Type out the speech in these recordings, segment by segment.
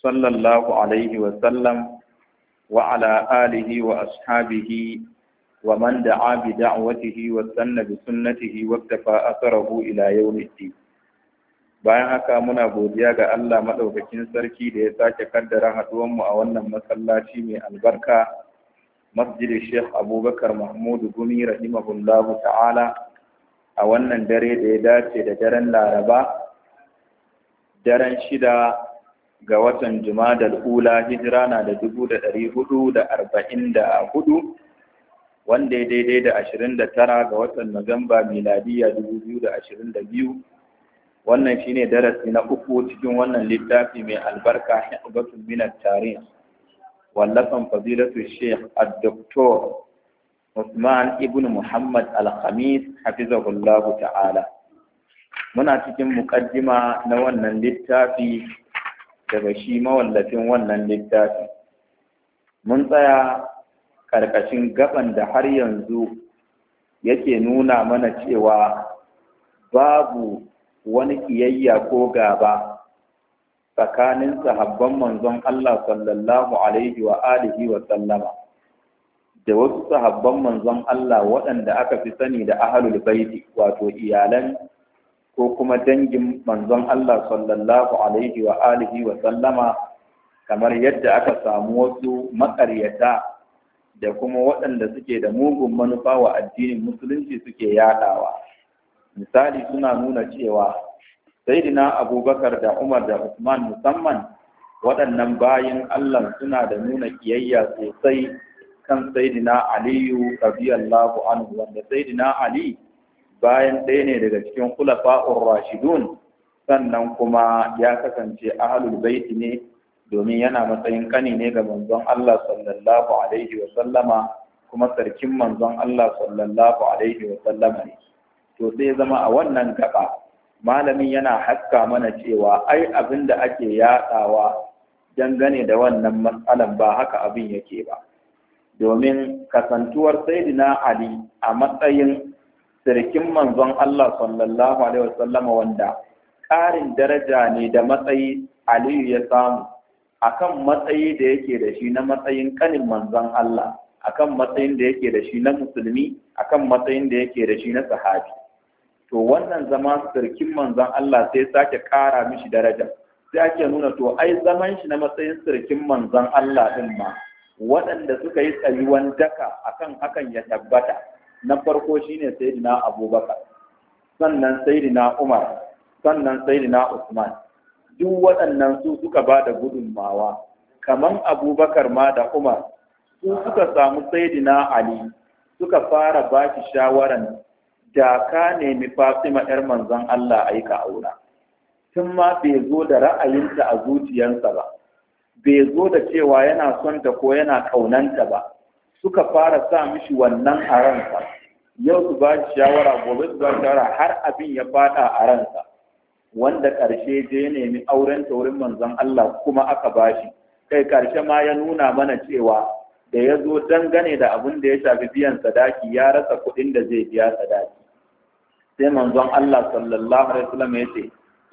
صلى الله عليه وسلم وعلى آله وأصحابه ومن دعا بدعوته واستنى بسنته واكتفى أثره إلى يوم الدين bayan haka muna godiya ga Allah madaukakin sarki da ya sake kaddara haduwan mu a wannan masallaci mai albarka Masjid Sheikh Abubakar Mahmud Gumi rahimahullahu ta'ala a wannan dare da ya dace da daren Laraba daren shida ga watan Jumadal Ula hijira na da dubu da ɗari hudu da arba'in da hudu wanda ya daidai da ashirin da tara ga watan Nuwamba miladiya dubu biyu da ashirin da biyu wannan shine darasi na uku cikin wannan littafi mai albarka hibatun minar tarihi wallafan fadilatu sheikh al-doktor Usman ibn Muhammad al-Khamis hafizahullahu ta'ala muna cikin muƙaddima na wannan littafi daga shi mawallafin wannan littafi mun tsaya karkashin gaban da har yanzu yake nuna mana cewa babu wani ƙiyayya ko gaba tsakanin sahabban manzon Allah sallallahu alaihi wa alihi wa sallama da wasu sahabban manzon Allah waɗanda aka fi sani da ahalul baiti wato iyalan ko kuma dangin manzon Allah sallallahu alaihi wa alihi wa sallama kamar yadda aka samu wasu maƙaryata da kuma waɗanda suke da mugun manufa wa addinin musulunci suke yaɗawa. misali suna nuna cewa saidina abubakar da umar da usman musamman waɗannan bayan allah suna da nuna kiyayya sosai kan saidina aliyu radiyallahu anhu wanda saidina ali bayan ɗaya ne daga cikin kulafa rashidun sannan kuma ya kasance ahalul baiti ne domin yana matsayin kani ne ga manzon Allah sallallahu alaihi wa sallama kuma sarkin manzon Allah sallallahu alaihi wa sallama ne to sai zama a wannan gaba malamin yana haska mana cewa ai abin da ake yadawa dangane da wannan matsalan ba haka abin yake ba domin kasantuwar saidina Ali a matsayin sirkin manzon Allah sallallahu alaihi wasallam wanda ƙarin daraja ne da matsayi Aliyu ya samu akan matsayi da yake da shi na matsayin ƙanin manzon Allah akan matsayin da yake da shi na musulmi akan matsayin da yake da shi na sahabi to wannan zama sirkin manzon Allah sai sake ƙara mishi daraja sai ake nuna to ai zaman shi na matsayin sirkin manzon Allah ɗin ma waɗanda suka yi tsayuwan daka akan hakan ya tabbata na farko shine sayyidina abubakar sannan sayyidina umar sannan sayyidina usman duk waɗannan su suka ba da gudunmawa kaman abubakar ma da umar su suka samu sayyidina ali suka fara ba shi shawaran da ka nemi fatima yar manzon Allah a yi aura tun ma bai zo da ra'ayinta a zuciyarsa ba bai zo da cewa yana son ta ko yana kaunanta ba suka fara sa mishi wannan a ransa yau su ba shi shawara gobe su ba shi shawara har abin ya fada a ransa wanda ƙarshe je nemi auren taurin manzon Allah kuma aka bashi kai ƙarshe ma ya nuna mana cewa da ya zo dangane da abin da ya shafi biyan sadaki ya rasa kuɗin da zai biya sadaki sai manzon Allah sallallahu alaihi wasallam ya ce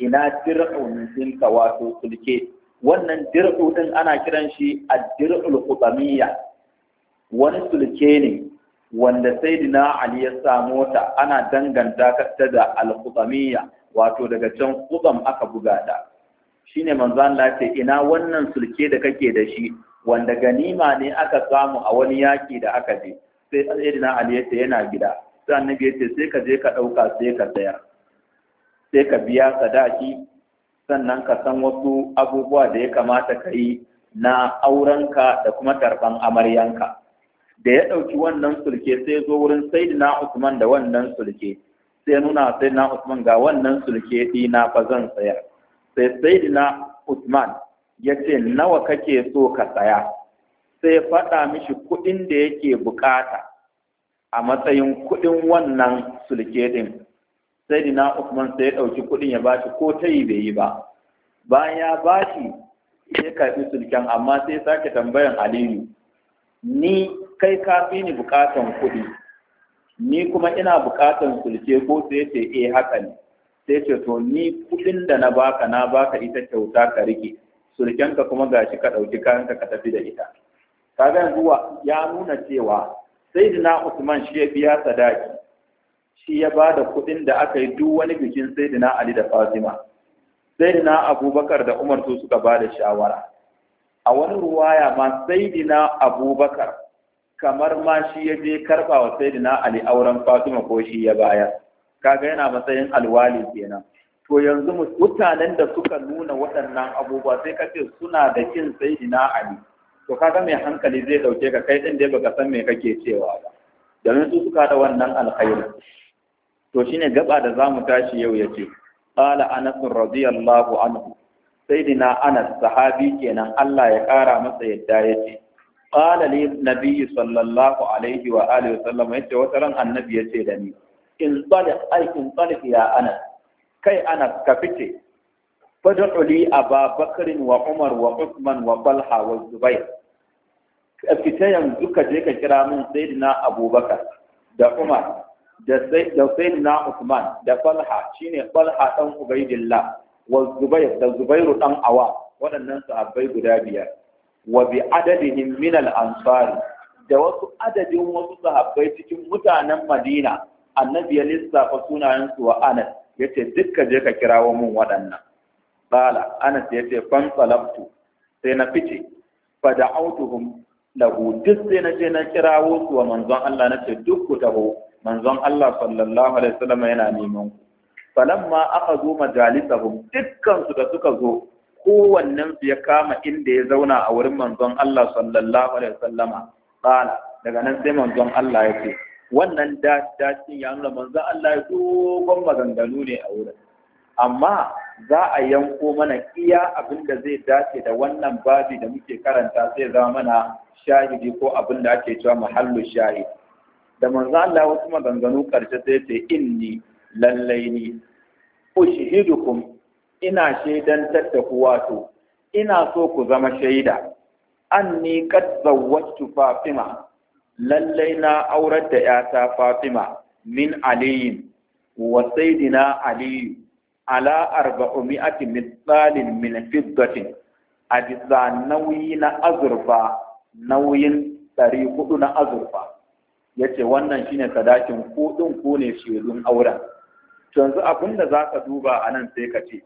ina min tilka wato sulke wannan dir'u din ana kiran shi ad-dir'ul qutamiyya wani sulke ne wanda sayyidina ali ya samu ta ana danganta ta da al-qutamiyya wato daga can qutam aka buga ta shine manzo Allah ce ina wannan sulke da kake da shi wanda ganima ne aka samu a wani yaƙi da aka je sai sayyidina ali ya ce yana gida sai annabi ya ce sai ka je ka ɗauka sai ka tsaya, sai ka biya sadaki sannan ka san wasu abubuwa da ya kamata ka yi na aurenka da kuma karban amaryanka da ya ɗauki wannan sulke sai zo wurin na Usman da wannan sulke sai nuna na Usman ga wannan sulke dina fa zan saya sai Saidina Usman ya ce nawa kake so ka saya sai ya faɗa mishi kuɗin da yake buƙata. a matsayin kuɗin wannan sulke ɗin sayyidina Usman sai ya ɗauki kuɗin ya bashi ko ta yi bai yi ba bayan ya bashi ya karɓi sulken amma sai sake tambayan Aliyu ni kai ka fi ni bukatan kuɗi ni kuma ina bukatan sulke ko sai ce eh haka ne sai ce to ni kuɗin da na baka na baka ita kyauta ka rike sulkenka kuma gashi ka ɗauki kayanka ka tafi da ita kaga yanzu ya nuna cewa saidina Usman shi ya biya sadaki shi ya bada kuɗin da aka yi duk wani bikin sayyidina Ali da Fatima saidina Abubakar da Umar su suka ba da shawara a wani ruwaya ma saidina abubakar kamar ma shi ya je karɓa wa saidina ali auren fatima ko shi ya baya kaga yana matsayin alwali kenan to yanzu mutanen da suka nuna waɗannan abubuwa sai ka ce suna da kin saidina ali to kaga mai hankali zai ɗauke ka kai din dai baka san me kake cewa ba domin su suka da wannan alkhairi to shine gaba da zamu tashi yau yace qala anas radiyallahu anhu sayyidina Anas sahabi kenan Allah ya kara masa yadda ce. qala li biyu, sallallahu alaihi wa alihi wa sallam yace wata ran annabi yace da ni in tsalik ai in tsalik ya Anas kai Anas ka fice fad'u li Aba Bakr wa Umar wa Usman wa Talha wa Zubair fita yanzu ka je ka kira min sayyidina Abubakar da Umar da sayyidina Usman da Talha shine Talha dan Ubaidillah wa Zubair da Zubairu dan Awa waɗannan sahabbai guda biyar wabi bi adadihim min ansari da wasu adadin wasu sahabbai cikin mutanen Madina annabi ya lissafa sunayensu wa Anas yace dukka je ka kirawo mun waɗannan bala Anas yace fan salaftu sai na fice fa da'autuhum lahu duk sai na je na kirawo wa manzon Allah manzon Allah sallallahu alaihi yana neman ku falamma zo majalisahum dukkan su da suka zo kowannen su ya kama inda ya zauna a wurin manzon Allah sallallahu alaihi wasallama qala daga nan sai manzon Allah ya ce wannan dacin ya nuna manzon Allah ya dogon maganganu ne a wurin amma za a yanko mana iya abin da zai dace da wannan babi da muke karanta sai zama mana shahidi ko abin da ake cewa muhallu shahid da manzo Allah wasu maganganu karshe sai ce inni lallai ni ushidukum ina shaidantar da ku wato ina so ku zama shaida anni qad zawwajtu fatima lallai na aurar da yata fatima min aliyin wa sayidina aliyu ala arba'umi'ati misalin min fiddatin a bisa nauyi na azurfa nauyin ɗari hudu na azurfa ya ce wannan shine sadakin kuɗin ku ne shirin auren yanzu abin da za ka duba a nan sai ka ce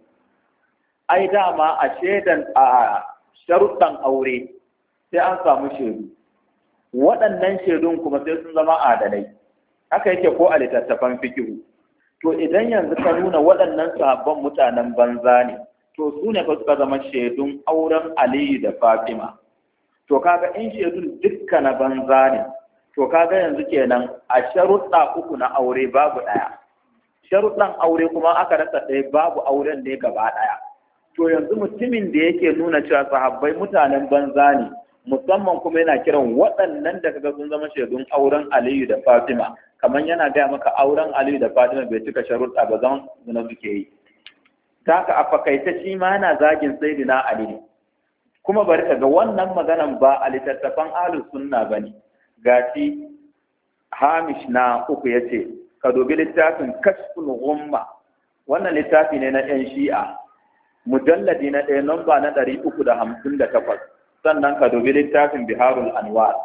ai dama a shaidan a sharuɗan aure sai an samu shaidu waɗannan shaidun kuma sai sun zama adalai haka yake ko a littattafan fikihu to idan yanzu ka nuna waɗannan sabon mutanen banza ne to su ne suka zama shaidun auren aliyu da fatima to kaga in shaidun dukka na banza ne to kaga yanzu kenan a sharuɗa uku na aure babu ɗaya sharuɗan aure kuma aka rasa ɗaya babu auren ne gaba ɗaya to yanzu mutumin da yake nuna cewa sahabbai mutanen banza ne musamman kuma yana kiran waɗannan da kaga sun zama shaidun auren Aliyu da Fatima kamar yana gaya maka auren Aliyu da Fatima bai cika sharuɗa ba zan zuna suke yi ta ka a fakaita shi ma yana zagin sayyidina Ali kuma bari ka ga wannan maganan ba a littattafan ahlus sunna bane gashi Hamish na uku yace ka dubi littafin kashful gumma wannan littafi ne na yan shi'a mujalladi na ɗaya namba na ɗari uku da hamsin da takwas sannan ka dubi littafin biharul anwar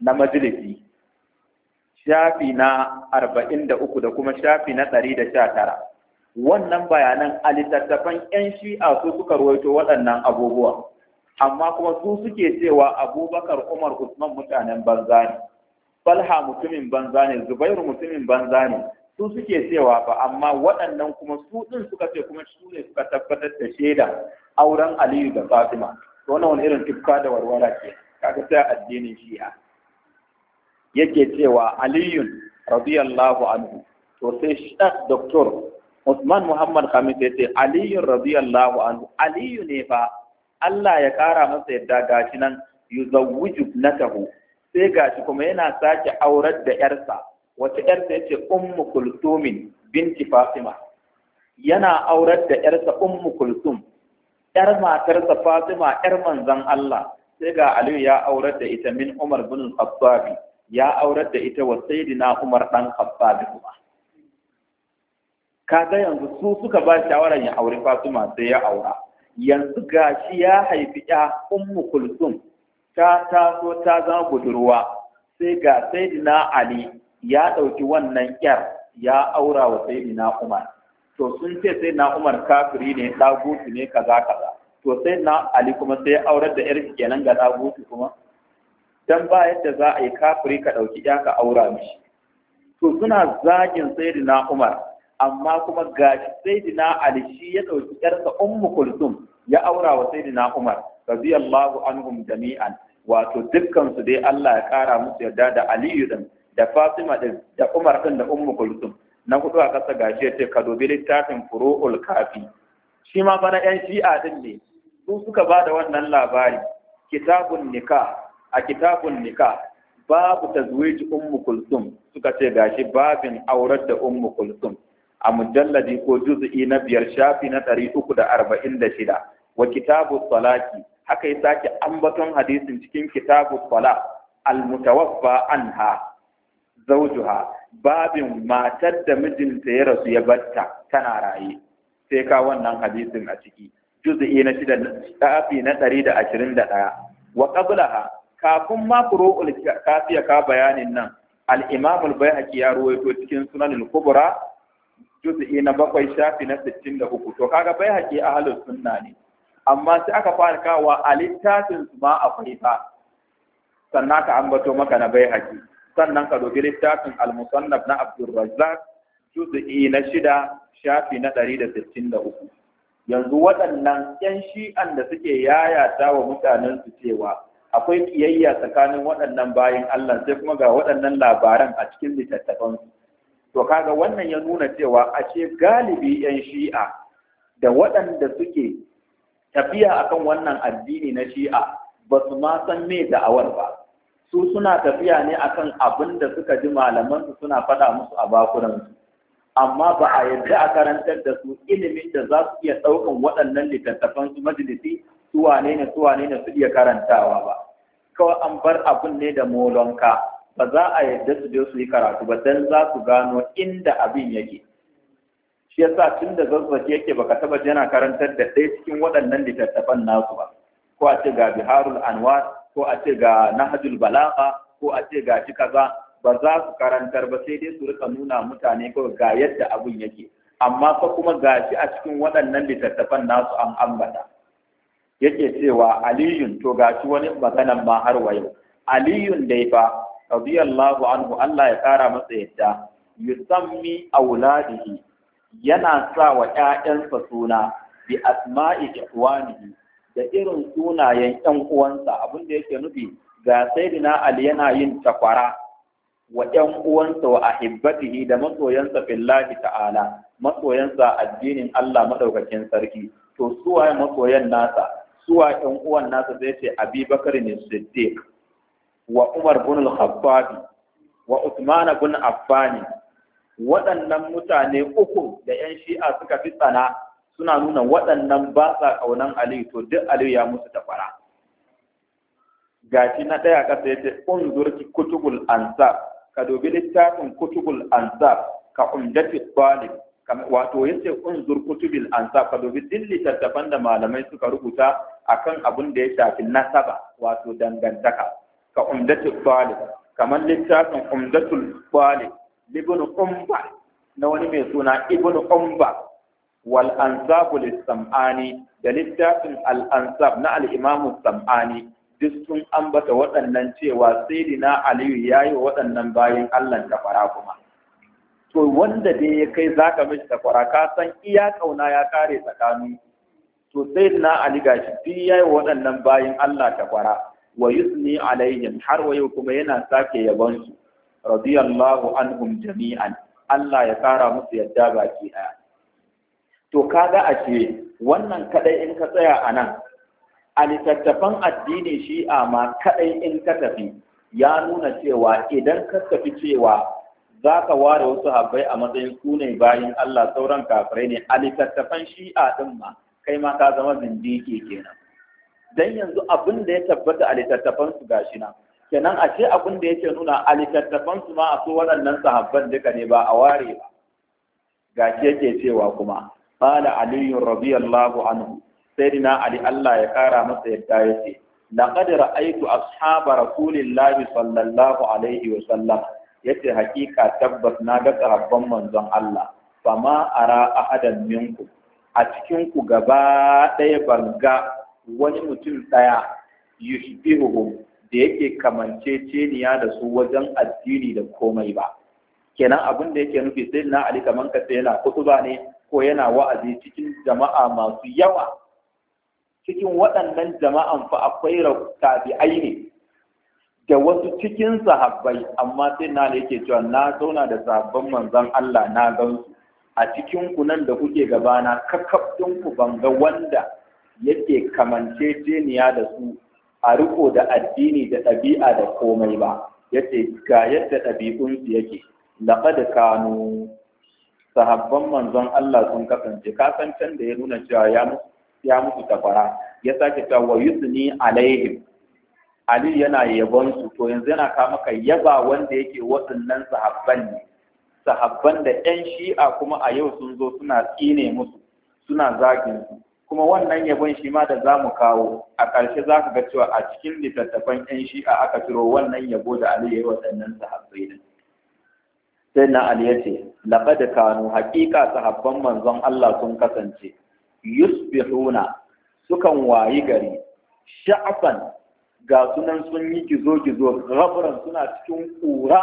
na majalisi shafi na arba'in da uku da kuma shafi na ɗari da sha tara wannan bayanan a littattafan 'yan shi'a su suka ruwaito waɗannan abubuwa amma kuma su suke cewa abubakar umar usman mutanen banza ne falha mutumin banza ne zubairu mutumin banza ne su suke cewa ba amma waɗannan kuma su ɗin suka ce kuma su ne suka tabbatar da shaida auren aliyu da fatima to wannan wani irin tufka da warwara ke kaga sai addinin shi'a yake cewa aliyun radiyallahu anhu to sai shak doktor usman muhammad khamis ya ce aliyun radiyallahu anhu aliyu ne fa Allah ya kara masa yadda gashi nan yuzawwiju natahu sai ga shi kuma yana sake aurar da ‘yarsa, wata ‘yarsa yace Ummu Kultumin binti Fatima, yana aurar da ‘yarsa Ummu Kultum, ‘yar matarsa Fatima ‘yar manzan Allah, sai ga Aliyu ya aurar da ita min Umar bin Khattab, ya aurar da ita wa Sayyidina Umar ɗan Khattab kuma. Kaga yanzu su suka ba shawarar ya auri Fatima sai ya aura. Yanzu gashi ya haifi ‘ya Ummu Kultum, ta taso ta zama budurwa sai ga saidina ali ya ɗauki wannan yar ya aura wa saidina umar to sun ce saidina umar kafiri ne ɗagutu ne kaza kaza to saidina ali kuma sai aurar da yar kenan ga ɗagutu kuma dan ba yadda za a yi kafiri ka ɗauki ya ka aura mishi to suna zagin saidina umar amma kuma ga saidina ali shi ya ɗauki yarsa ummu kulsum ya aura wa saidina umar radiyallahu anhum jami'an wato dukkan su dai Allah ya kara musu yarda da Aliyu din da Fatima din da Umar din da Ummu Kulsum na hudu a kasa gashi yace ka littafin Furu'ul Kafi shi ma bana yan Shi'a din ne su suka ba da wannan labari kitabun nikah a kitabun nikah babu tazwij Ummu Kulsum suka ce gashi babin aurar da Ummu Kulsum a mujalladi ko juz'i na biyar shafi na 346 uku da arba'in da shida wa kitabu salaki haka ya sake ambaton hadisin cikin kitabu al almutawaffa anha zawjuha babin matar da mijinta ya rasu ya batta tana raye sai ka wannan hadisin a ciki juz'i na 6 shafi na ɗari da ashirin da ɗaya wa qablaha kafin ma furu'ul kafiya ka bayanin nan al-imam al-bayhaqi ya ruwaito cikin sunan al-kubra juz'i na bakwai shafi na sittin da uku to kaga bayhaqi ahlus sunna ne amma sai aka fara kawa a littafin su ma akwai ta sannan ka ambato maka na bai haƙi sannan ka dogi littafin al-musannaf na Abdulrazzaq juz'i na shida shafi na ɗari da sittin da uku yanzu waɗannan 'yan shi'an da suke yayata wa mutanen su cewa akwai kiyayya tsakanin waɗannan bayan Allah sai kuma ga waɗannan labaran a cikin littattafansu to kaga wannan ya nuna cewa ce galibi 'yan shi'a da waɗanda suke tafiya akan wannan addini na shi'a ba su ma san me awar ba su suna tafiya ne akan abin da suka ji malamansu suna faɗa musu a bakuransu amma ba a yadda a karantar da su ilimin da za su iya ɗaukan waɗannan littattafan su majalisi su wane ne su wane ne su iya karantawa ba kawai an bar abin ne da molonka ba za a yadda su je su yi karatu ba dan za su gano inda abin yake shi yasa tun da zazzaki yake baka taba yana karantar da ɗaya cikin waɗannan littattafan nasu ba ko a ce ga biharul anwar ko a ce ga nahajul balaga ko a ce ga shi kaza ba za su karantar ba sai dai su rika nuna mutane ko ga yadda abun yake amma fa kuma ga shi a cikin waɗannan littattafan nasu an ambata yake cewa aliyun to ga shi wani maganan ma har wa yau aliyun dai fa radiyallahu anhu Allah ya kara masa yadda yusammi auladihi yana sa wa ‘ya'yansa suna bi asma'i ikhwanihi da irin sunayen ‘yan uwansa abin da yake nufi ga sayyidina Ali yana yin takwara wa ‘yan uwansa wa ahibbatihi da masoyansa fillahi ta'ala masoyansa addinin Allah madaukakin sarki to suwa masoyan nasa suwa ‘yan uwan nasa zai ce Abi Bakar ne Siddiq wa Umar bin al-Khattab wa Uthman bin Affani. waɗannan mutane uku da 'yan shi'a suka fi tsana suna nuna waɗannan ba sa ƙaunan aliyu to duk aliyu ya musu tafara gashi na ɗaya ƙasa ya ce unzur kutubul ansar ka dubi littafin kutubul ansar ka umdati talib wato ya ce unzur kutubul ansar ka dubi duk littattafan da malamai suka rubuta akan abin da ya shafi nasaba wato dangantaka ka umdati talib kamar littafin umdatul talib ibn umba na wani mai suna ibn umba wal ansabu sam'ani da littafin al ansab na al imamu sam'ani duk sun ambata waɗannan cewa sayyidina aliyu yayi waɗannan bayan Allah kafara kuma to wanda dai ya kai zaka mishi takwara ka san iya kauna ya kare tsakani to sayyidina ali gashi duk yayi waɗannan bayan Allah takwara wa yusni alaihim har wayo kuma yana sake yabansu radiyallahu anhum jami'an Allah ya kara musu yadda baki daya to kaga a ce wannan kadai in ka tsaya a nan a littattafan addini shi'a ma kadai in ka tafi ya nuna cewa idan ka tafi cewa za ka ware wasu habbai a matsayin su ne bayan Allah sauran kafirai ne a littattafan shi'a din ma kai ma ka zama zindiki kenan dan yanzu abin da ya tabbata a littattafan su gashi nan kenan a ce abin da yake nuna a su ma a so waɗannan sahabban duka ne ba a ware ba ga ke ke cewa kuma qala aliyu radiyallahu anhu sayyidina ali Allah ya kara masa yadda yace laqad ra'aytu ashaba rasulillahi sallallahu alaihi wa sallam yace hakika tabbas na ga sahabban manzon Allah fama ara ahadan minku a cikin ku gaba ɗaya ban ga wani mutum ɗaya yushbihuhum da yake kamance kamanceceniya da su wajen addini da komai ba kenan abin da yake nufi sai na ali kaman ka sai yana kutuba ne ko yana wa'azi cikin jama'a masu yawa cikin waɗannan jama'an fa akwai tabi'ai ne da wasu cikin sahabbai amma sai na ali yake cewa na zauna da sahabban manzon Allah na gansu a cikin ku nan da kuke gabana kakkab ku ban ga wanda yake kamance kamanceceniya da su a riko da addini da ɗabi'a da komai ba yace ga yadda ɗabi'unsu yake laqad kanu sahabban manzon Allah sun kasance kasancen da ya nuna cewa ya musu tafara ya sake cewa wa yusni alaihim Ali yana yabon su to yanzu yana ka yaba wanda yake waɗannan sahabban ne sahabban da 'yan shi'a kuma a yau sun zo suna tsine musu suna zagin su kuma wannan yabon shi ma da za mu kawo a ƙarshe za ka ga cewa a cikin littattafan 'yan shi'a aka ciro wannan yabo da Ali ya yi waɗannan sahabbai ne sai na Ali ya ce laqad kanu haƙiƙa sahabban manzon Allah sun kasance yusbihuna sukan wayi gari sha'fan ga sunan sun yi gizo-gizo rabran suna cikin ƙura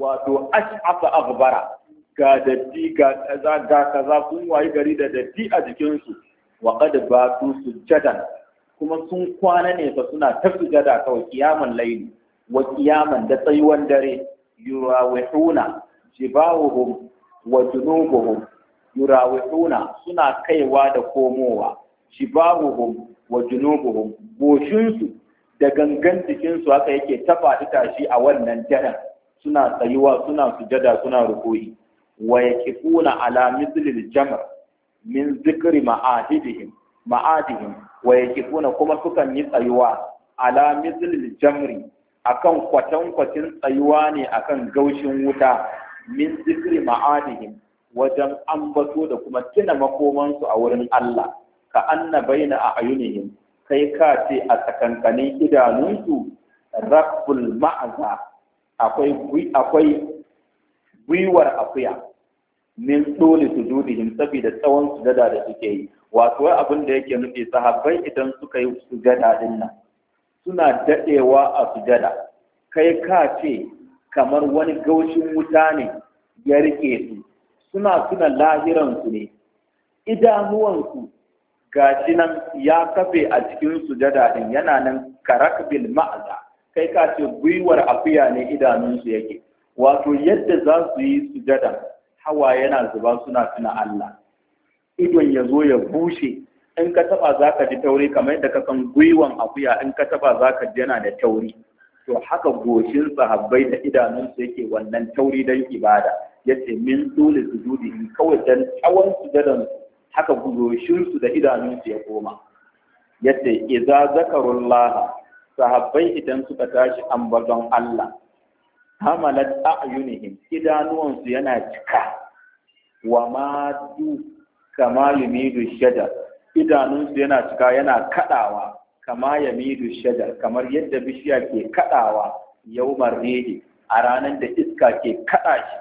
wato ash'afa aghbara ga datti ga kaza ga kaza sun wayi gari da datti a jikinsu wa qad batu sujjadan kuma sun kwana ne fa suna ta sujada kawai kiyaman laili wa kiyaman da tsayuwan dare yurawihuna jibawuhum wa junubuhum yurawihuna suna kaiwa da komowa jibawuhum wa junubuhum goshinsu da gangan jikinsu haka yake ta faɗi tashi a wannan daren suna tsayuwa suna sujada suna rukuyi wa yaqifuna ala mithlil jamr min zikri ma'adihim ma'adihim wa yakifuna kuma sukan yi tsayuwa ala mithlil jamri akan kwatin tsayuwa ne akan gaushin wuta min zikri ma'adihim wajen ambato da kuma tuna makomansu a wurin Allah ka anna bayna a ayunihim kai ka ce a tsakankanin idanunsu rabbul ma'aza akwai akwai gwiwar akuya min dole sujudihim saboda tsawon sujada da suke yi wato abin da yake nufi sahabbai idan suka yi sujada din nan suna dadewa a sujada kai ka ce kamar wani gaushin wuta ne ya rike su suna suna lahiransu ne idanuwansu ga shi nan ya kafe a cikin sujada din yana nan karakbil ma'aza kai ka ce gwiwar afiya ne idanunsu yake wato yadda za su yi sujadan. hawa yana zuba suna tuna Allah idon ya zo ya bushe in ka taba za ka ji tauri kamar da ka san gwiwan akuya in ka taba za ka ji yana da tauri to haka goshin sahabbai da idanunsu yake wannan tauri don ibada yace min dole su judi kawai dan tsawon su dadan haka su da idanunsu ya koma yace idza zakarullaha sahabbai idan suka tashi ambaton Allah hamalat a'yunihim idanuwansu yana cika wa madu kama yamidu shajar idanunsu yana cika yana kadawa kama yamidu shajar kamar yadda bishiya ke kadawa yaumar rehe a ranar da iska ke kada shi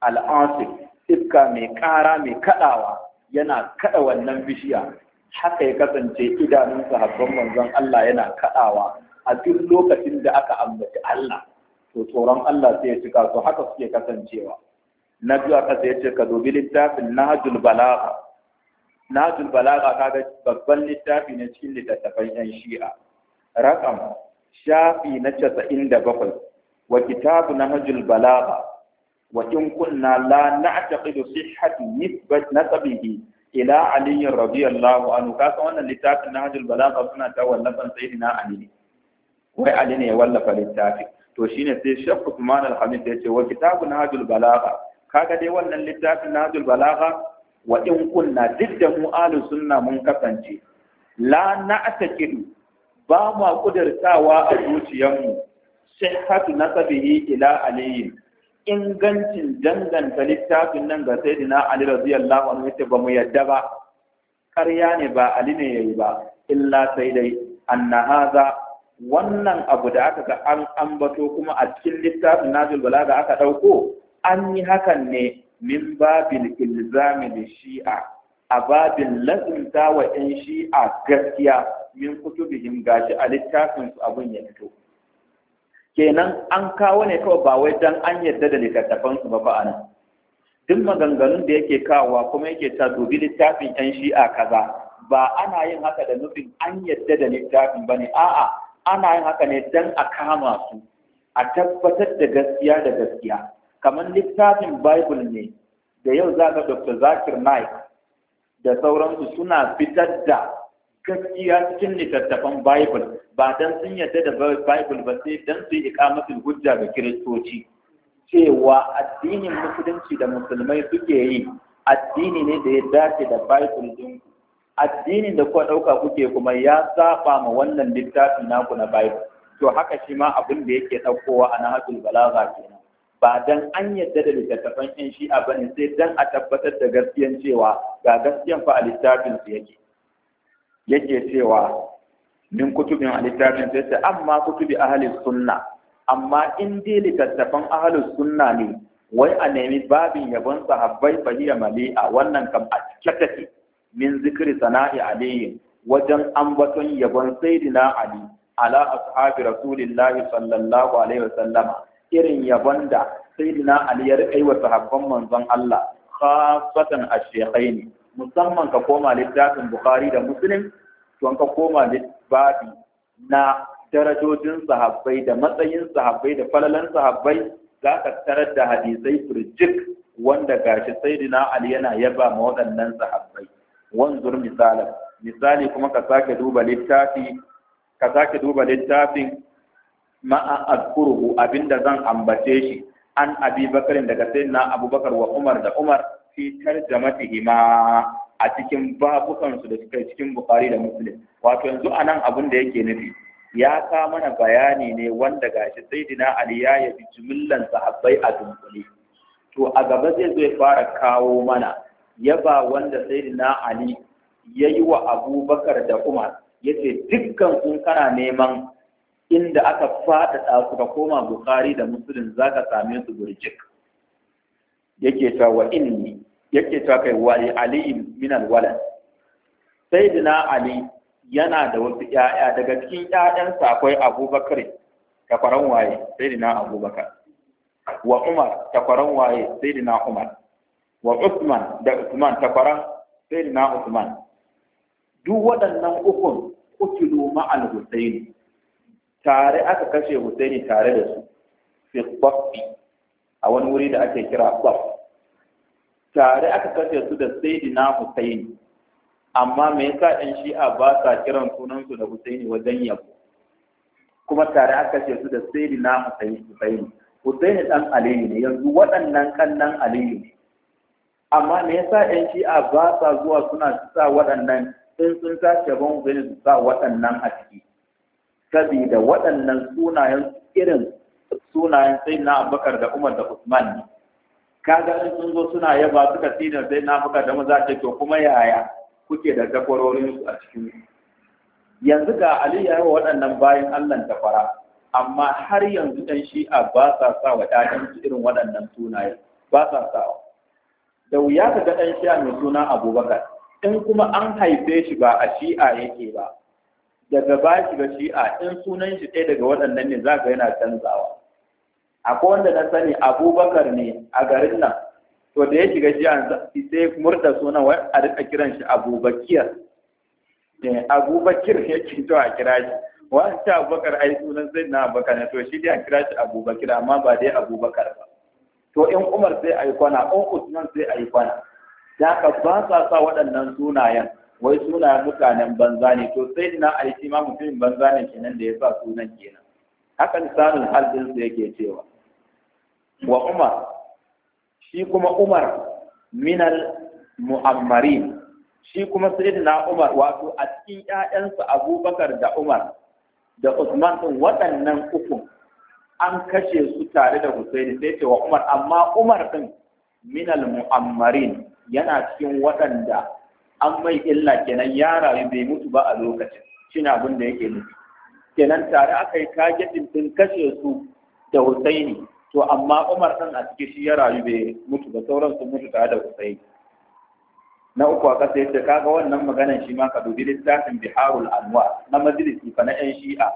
al'asir iska mai kara mai kadawa yana kada wannan bishiya haka ya kasance idanunsa habban manzon Allah yana kadawa a duk lokacin da aka ambaci Allah to tsoron Allah sai ya cika su haka suke kasancewa na biyu aka sai ya ce ka dubi littafin nahjul balagha nahjul balagha kaga babban littafi ne cikin littattafan yan shi'a rakam shafi na casa'in da bakwai wa kitabu nahjul balagha wa in kunna la na'taqidu sihhati nisbat nasabihi ila ali radiyallahu anhu kaga wannan littafin nahjul balagha suna ta wallafan sayyidina ali wai ali ne ya wallafa littafin to shine sai Sheikh Usman Al-Hamid ya ce wa kitabun Nahjul Balagha kaga dai wannan littafin Nahjul Balagha wa in kunna duk da mu ahlus sunna mun kasance la na'taqidu ba ma kudirtawa a zuciyarmu sihhatu nasabihi ila aliyin ingancin danganta littafin nan ga sayyidina Ali radiyallahu anhu yace ba mu yadda ba ƙarya ne ba Ali ne yayi ba illa sai dai anna hadha wannan abu da aka ga an ambato kuma a cikin littafin nazul balaga aka ɗauko an yi hakan ne min babin ilzami da shi'a a babin lazinta wa 'yan shi'a gaskiya min kutubihim gashi a littafin su abin ya fito kenan an kawo ne kawai ba wai dan an yarda da littattafan su ba ba duk maganganun da yake kawowa kuma yake ta dubi littafin 'yan shi'a kaza ba ana yin haka da nufin an yarda da littafin ba ne a'a ana yin haka ne don a kama su a tabbatar da gaskiya da gaskiya kamar littafin bible ne da yau za ga dr zakir naik da sauransu suna fitar da gaskiya cikin littattafan bible ba don sun yarda da bible ba sai don su yi ikamatul hujja ga kiristoci cewa addinin musulunci da musulmai suke yi addini ne da ya dace da bible dinku addinin da kuka ɗauka kuke kuma ya saba ma wannan littafin naku na Bible to haka shi ma abin da yake ɗaukowa a nahatul balaga kenan ba dan an yadda da littattafan ƴan shi'a ba ne sai dan a tabbatar da gaskiyan cewa ga gaskiyan fa a littafin su yake yake cewa min kutubin a littafin sai ta amma kutubi ahli sunna amma in dai littattafan ahli sunna ne wai a nemi babin yabon sahabbai fahiya mali'a wannan kam a cike take min zikiri sana'i alayhi wajen ambaton yabon sayyidina ali ala ashabi rasulillahi sallallahu alaihi wasallam irin yabon da sayyidina ali ya rika wa sahabban manzon Allah khassatan ash ne. musamman ka koma littafin bukhari da muslim to ka koma littafi na darajojin sahabbai da matsayin sahabbai da falalan sahabbai za ka tarar da hadisai firjik wanda gashi saidina ali yana yaba ma waɗannan sahabbai wanzur misalan misali kuma ka sake duba littafi ka sake duba littafin ma'a azkuruhu abinda zan ambace shi an abi bakarin daga na abubakar wa umar da umar fi tarjamatihi ma a cikin babukansu da suka cikin bukhari da muslim wato yanzu anan abin da yake nufi ya ka mana bayani ne wanda gashi sayyidina ali ya yabi jimillan sahabbai a dunkule to a gaba zai zo ya fara kawo mana yaba wanda na ali ya yi wa abubakar da umar ce dukkan kun kana neman inda aka faɗaɗa su ka koma bukari da musulun za ka same su burjik yake ta wa inni yake ta kai wa ali min alwalad sayyidina ali yana da wasu ƴaƴa daga cikin ƴaƴansa akwai abubakar takwaran waye sayyidina abubakar wa umar takwaran waye sayyidina umar wa Usman da Usman fara sai na Usman duk waɗannan ukun kutilu ma'al Husaini tare aka kashe Husaini tare da su fi a wani wuri da ake kira Qaf tare aka kashe su da Sayyidina Husaini amma me yasa ɗan shi'a ba sa kiran sunansu da Husaini wajen yabo kuma tare aka kashe su da Sayyidina na Husaini Husaini dan Aliyu ne yanzu waɗannan kannan Aliyu ne amma me yasa ƴan shi'a ba sa zuwa suna sa waɗannan in sun tashi gaban Ubangiji su sa waɗannan a ciki saboda waɗannan sunayen irin sunayen sai na Abubakar da Umar da Usman ne kaga in sun zo suna yaba suka tsina sai na Abubakar da maza ce to kuma yaya kuke da takwarorin su a cikin yanzu ga Ali ya yi waɗannan bayan Allah da fara amma har yanzu ɗan shi'a ba sa sa wa ɗayan irin waɗannan sunaye ba sa sawa da wuya ka ga ɗan shi'a mai suna abubakar in kuma an haife shi ba a shi'a yake ba daga ba shi ba shi'a in sunan shi ɗaya daga waɗannan ne za ka yana canzawa akwai wanda na sani abubakar ne a garin nan to da ya shiga shi'a sai murda suna wai a rika kiran shi abubakir eh, abubakir ke to a kira shi wa'an ta abubakar ai sunan sai na abubakar ne to shi dai a kira shi abubakir amma ba dai abubakar ba to in Umar sai a yi kwana in Usman sai a yi kwana ya ka ba sa sa waɗannan sunayen wai sunayen mutanen banza ne to sai ina a yi ma mutumin banza ne kenan da ya sa sunan kenan haka lisanin halin su yake cewa wa Umar shi kuma Umar minal mu'ammarin shi kuma sayyidina Umar wato a cikin Abubakar da Umar da Usman ɗin waɗannan ukun. an kashe su tare da Husaini sai ce wa Umar amma Umar din min al yana cikin waɗanda an mai illa kenan ya rayu bai mutu ba a lokacin shine abin da yake nufi kenan tare aka yi kage din kashe su da Husaini to amma Umar din a cikin shi ya rayu bai mutu ba sauran sun mutu tare da Husaini na uku a ƙasa yadda kaga wannan maganan shi ma ka dubi littafin Biharul anwa na majalisi fa na 'yan Shi'a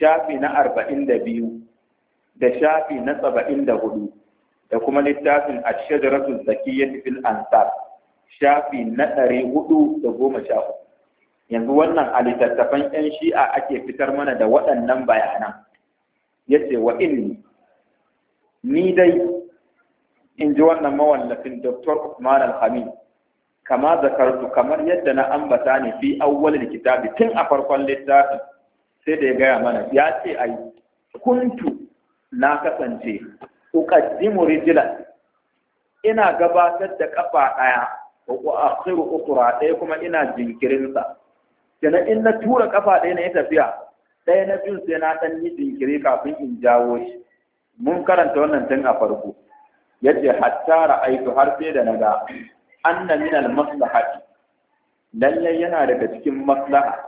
shafi na arba'in da biyu da shafi na saba'in da hudu da kuma littafin ashajaratu zakiyyati fil ansar shafi na ɗari hudu da goma sha yanzu wannan a littattafan 'yan shi'a ake fitar mana da waɗannan bayanan ya ce wa inni ni dai in ji wannan mawallafin dr usman alhami kama zakartu kamar yadda na ambata ne fi likita kitabi tun a farkon littafin sai da ya gaya mana ya ce yi. kuntu na kasance uqaddimu rijlan ina gabatar da kafa daya wa uakhiru ukra ɗaya kuma ina jinkirin sa kenan in na tura kafa ɗaya na yi tafiya Ɗaya na biyu sai na dan yi jinkiri kafin in jawo shi mun karanta wannan tun a farko yace hatta ra'aitu har sai da naga anna min al-maslahati lalle yana daga cikin maslaha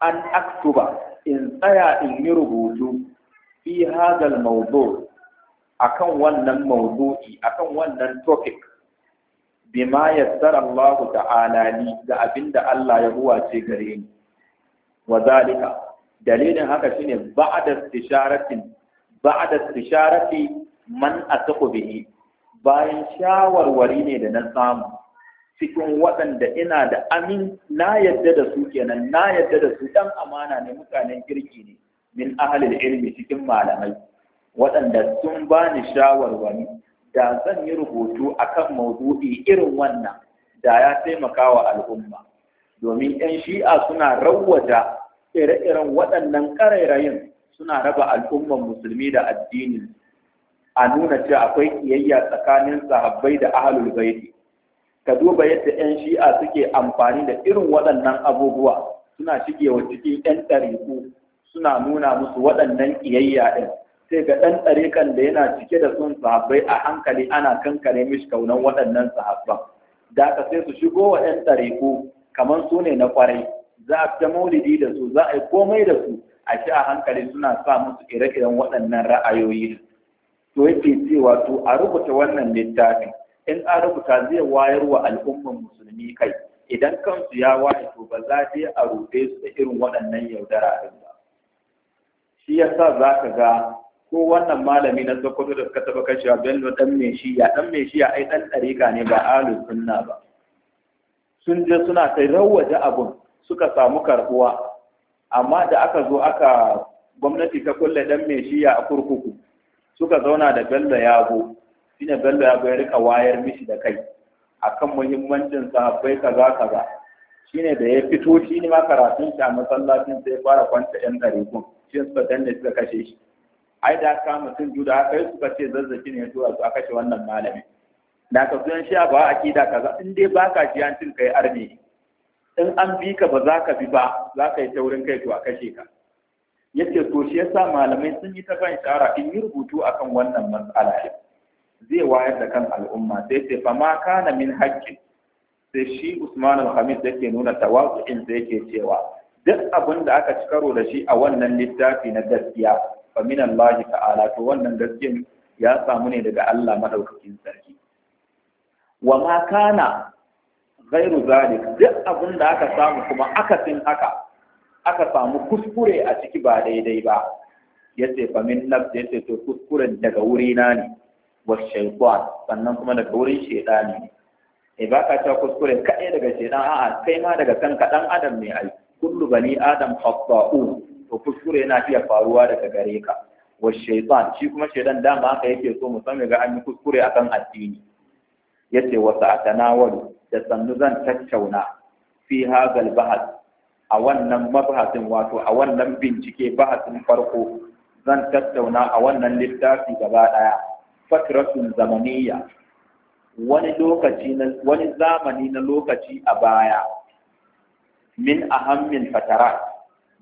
an aktuba in tsaya in yi rubutu fi hadal mawdu akan wannan mawdu'i akan wannan topic bima yassara Allah ta'ala ni da abinda Allah ya buwace gare ni wa zalika dalilin haka shine ba'da istisharatin ba'da istisharati man ataqu bihi bayan shawarwari ne da na samu cikin waɗanda ina da amin na yadda da su kenan na yadda da su dan amana ne mutanen kirki ne min ahalil ilmi cikin malamai waɗanda sun ba ni shawarwari da zan yi rubutu a kan maudu'i irin wannan da ya taimaka wa al'umma domin 'yan shi'a suna rawwata ire-iren waɗannan ƙarairayin suna raba al'umman musulmi da addinin a nuna cewa akwai kiyayya tsakanin sahabbai da ahalul baiti ka duba yadda 'yan shi'a suke amfani da irin waɗannan abubuwa suna shigewa cikin 'yan ɗariku suna nuna musu waɗannan ƙiyayya ɗin sai ga ɗan ɗarikan da yana cike da sun sahabbai a hankali ana kankare mishi kaunan waɗannan sahabban da ka sai su shigo wa 'yan ɗariku kamar su ne na kwarai za a fita maulidi da su za a yi komai da su a shi a hankali suna sa musu ire-iren waɗannan ra'ayoyi to yake cewa to a rubuta wannan littafin in arabu rubuta zai wayar wa al'ummar musulmi kai idan kansu ya waye to ba za yi a rufe su da irin waɗannan yaudara ɗin ba shi ya sa za ka ga ko wannan malami na sokoto da suka taba kashewa bello shiya. Ɗan mai shiya ai ɗan ɗarika ne ba alu sunna ba sun je suna kai rawaje abun suka samu karbuwa amma da aka zo aka gwamnati ta kulle ɗan mai shiya a kurkuku suka zauna da bello yabo shine bello ya bai rika wayar mishi da kai akan muhimmancin sahabbai kaza kaza shine da ya fito shi ne ma karatun shi a masallacin sai fara kwanta yan kun shi suka danne suka kashe shi ai da aka mutum juda aka yi suka ce zazzaki ne ya su a kashe wannan malamin da ka zuwan shi ba a kida kaza in dai baka ji an cin kai arme in an bi ka ba za ka bi ba za ka yi taurin kai to a kashe ka yace to shi yasa malamai sun yi ta ban shara in yi rubutu akan wannan matsala zai wayar da kan al'umma sai ce fa ma kana min haƙƙin sai shi Usman al-Khamis yake nuna tawazu'in da yake cewa duk abin da aka ci karo da shi a wannan littafi na gaskiya fa min Allah ta'ala to wannan gaskiyan ya samu ne daga Allah madaukakin sarki wa ma kana ghairu zalik duk abin da aka samu kuma akasin haka aka samu kuskure a ciki ba daidai ba yace fa min nafsi yace to kuskuren daga wurina ne wa sannan kuma daga wurin ne ne. Eh, ba ka ta kuskure Kaɗai daga shaytan a'a kai ma daga kanka ɗan adam ne ai kullu bani adam khata'u to kuskure yana iya faruwa daga gare ka wa shi kuma shaidan dama haka yake so mu musamman ga an yi kuskure akan addini yace wa sa'atanawalu da sannu zan tattauna fi hadal bahas a wannan mabahasin wato a wannan bincike bahasin farko zan tattauna a wannan littafi gaba ɗaya fatratun zamaniya wani lokaci na wani zamani na lokaci a baya min ahammin fatara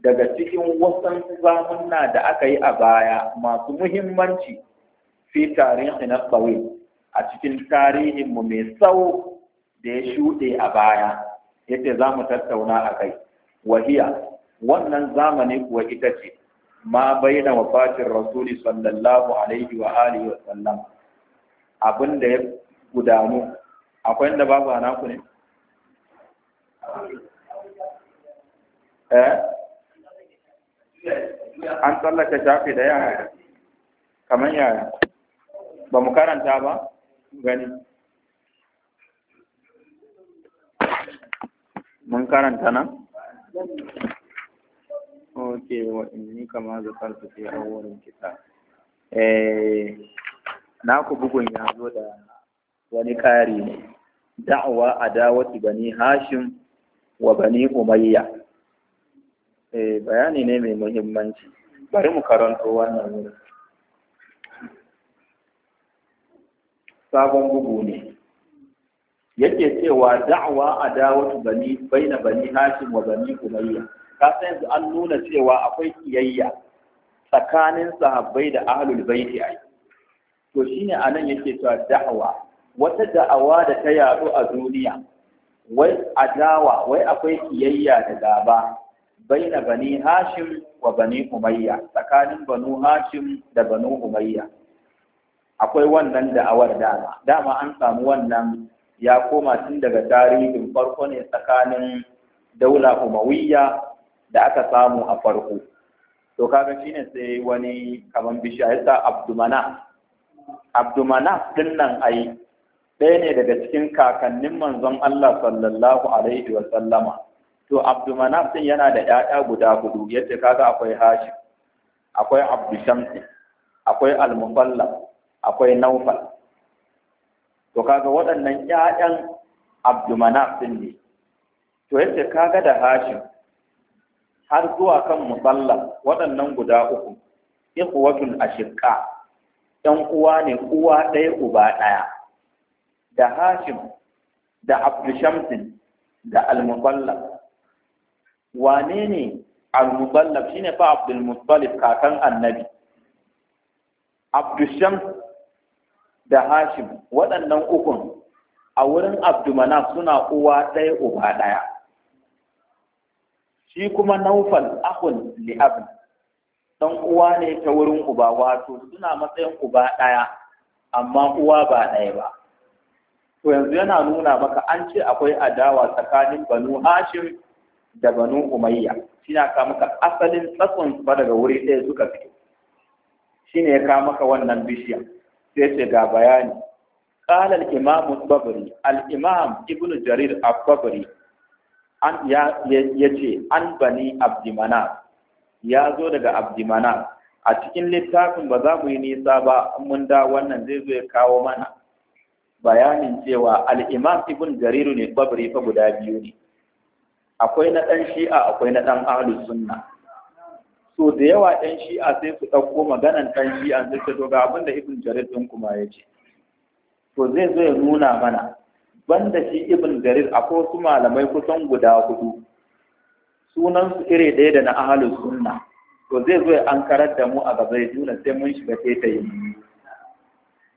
daga cikin wasan zamunna da aka yi a baya masu muhimmanci fi tarihi na tsawo a cikin tarihinmu mai tsawo da ya shuɗe a baya yadda za mu tattauna a kai wahiya wannan zamani kuwa ita ce ma baina wafatin rasuli sallallahu alaihi wa alihi wa sallam abin ya gudanu akwai inda babu ana ku an tsallaka shafi da yaya kamar yaya ba mu karanta ba mun karanta nan okay wa inni kama zakartu fi wurin kisa. eh ku bugun ya zo da wani kari ne a dawati bani hashim wa bani umayya eh bayani ne mai muhimmanci bari mu karanto wannan wurin sabon bugu ne yake cewa a dawatu bani baina bani hashim wa bani umayya ka san yanzu an nuna cewa akwai kiyayya tsakanin sahabbai da ahlul baiti ai to shine anan yake cewa da'awa wata da'awa da ta yaro a duniya wai adawa wai akwai kiyayya da gaba baina bani hashim wa bani umayya tsakanin banu hashim da banu umayya akwai wannan da'awar dama dama an samu wannan ya koma tun daga tarihin farko ne tsakanin daula umawiyya da aka samu a farko to kaga shine sai wani kaman bishiya yasa abdumana abdumana din nan ai ɗaya ne daga cikin kakannin manzon Allah sallallahu alaihi wa sallama to abdumana din yana da 'ya'ya guda hudu yadda kaga akwai Hashi, akwai abdushamsi akwai almufalla akwai naufal to kaga waɗannan ƴaƴan abdumana din ne to yadda kaga da Hashi. har zuwa kan musalla waɗannan guda uku ikhwatun ashiqqa ɗan uwa ne uwa ɗaya uba ɗaya da hashim da abdushamsin da almuballab wane ne almuballab shine fa abdulmuttalib kakan annabi abdushams da hashim waɗannan ukun a wurin abdumanaf suna uwa ɗaya uba ɗaya shi kuma naufal ahun li abin dan uwa ne ta wurin uba wato suna matsayin uba ɗaya amma uwa ba ɗaya ba to yanzu yana nuna maka an ce akwai adawa tsakanin banu hashim da banu umayya shine ka maka asalin tsakon ba daga wuri ɗaya suka fito shine ya ka maka wannan bishiya sai ce ga bayani قال الإمام الببري الإمام ابن جرير الببري an ya ce, an bani abdimana ya zo daga abdimana a cikin littafin ba za mu yi nisa ba mun da wannan zai zo ya kawo mana bayanin cewa al-imam ibn jariru ne babri fa guda biyu ne akwai na ɗan shi'a akwai na ɗan ahli sunna so da yawa 'yan shi'a sai su dauko maganan ɗan shi'a sai su ga abin da ibn jarir din kuma ya ce to zai zo ya nuna mana banda shi ibn jarir akwai wasu malamai kusan guda hudu sunansu iri ɗaya da na ahalus sunna to zai zo an karar da mu a gaba juna sai mun shiga yi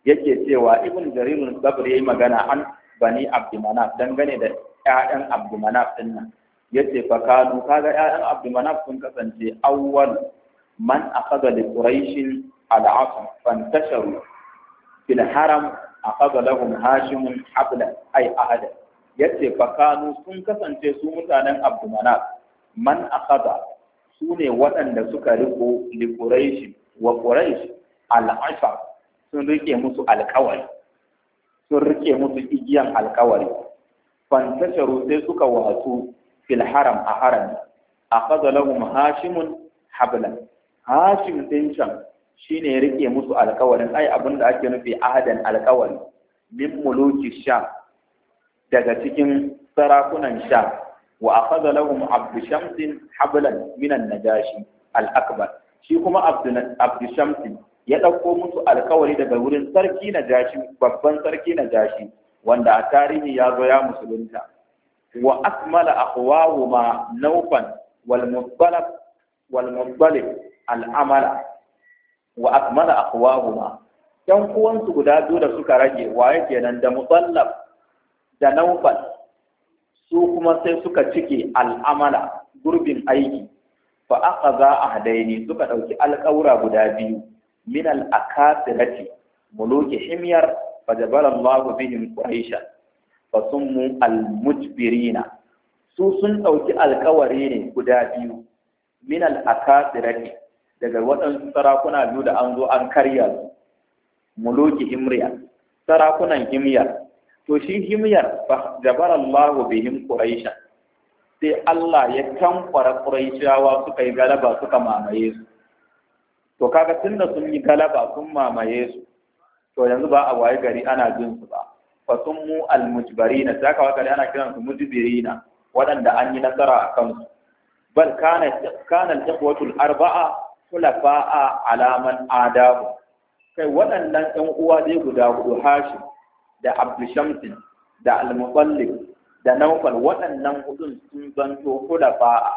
yake cewa ibn jarir sabr yayi magana an bani abdumanaf dangane da ƴaƴan abdumanaf din nan yace fa kanu kaga ƴaƴan abdumanaf sun kasance awwal man a li quraish al-asr fantasharu fil haram akaza lahum hashimun habla ai ahada yace fa kanu sun kasance su mutanen abdumanaf man akaza su ne waɗanda suka riko li quraish wa quraish al'ashar sun rike musu alkawari sun rike musu igiyan alkawari fantasharu sai suka wasu fil haram a harami. akaza lahum hashimun habla hashim din can shine ya rike musu alkawarin ai abin da ake nufi ahadan alkawari min muluki sha daga cikin sarakunan sha wa akhadha lahum abdu shamsin hablan min najashi al-akbar shi kuma abdu shamsin ya ɗauko musu alkawari daga wurin sarki Najashi, babban sarki Najashi, wanda a tarihi ya zo ya musulunta wa akmala akhwahu ma nawfan wal muttalib wal al amala wa akmala aqwahuma yan uwansu guda biyu da suka rage waye kenan da musallaf da naufal su kuma sai suka cike al'amala gurbin aiki fa aqaza ahdaini suka dauki alƙawura guda biyu min al-akasirati muluki himyar fa jabala Allah bihim quraisha fa summu al-mujbirina su sun dauki alƙawari ne guda biyu min al-akasirati daga waɗansu sarakuna biyu da an zo an karya su muluki himriya sarakunan himyar to shi himyar fa jabara Allah bihim quraisha sai Allah ya tankwara quraishawa suka yi galaba suka mamaye su to kaga tunda sun yi galaba sun mamaye su to yanzu ba a waye gari ana jin su ba fa al almujbarina sai aka wakari ana kiran su mujbirina waɗanda an yi nasara a kansu bal kana kana al-ikhwatu al-arba'a kulafa'a alaman adamu kai waɗannan ɗan uwa dai guda hudu Hashi da abdushamsin da almuɓallin da naufal waɗannan hudun sun zanto kulafa'a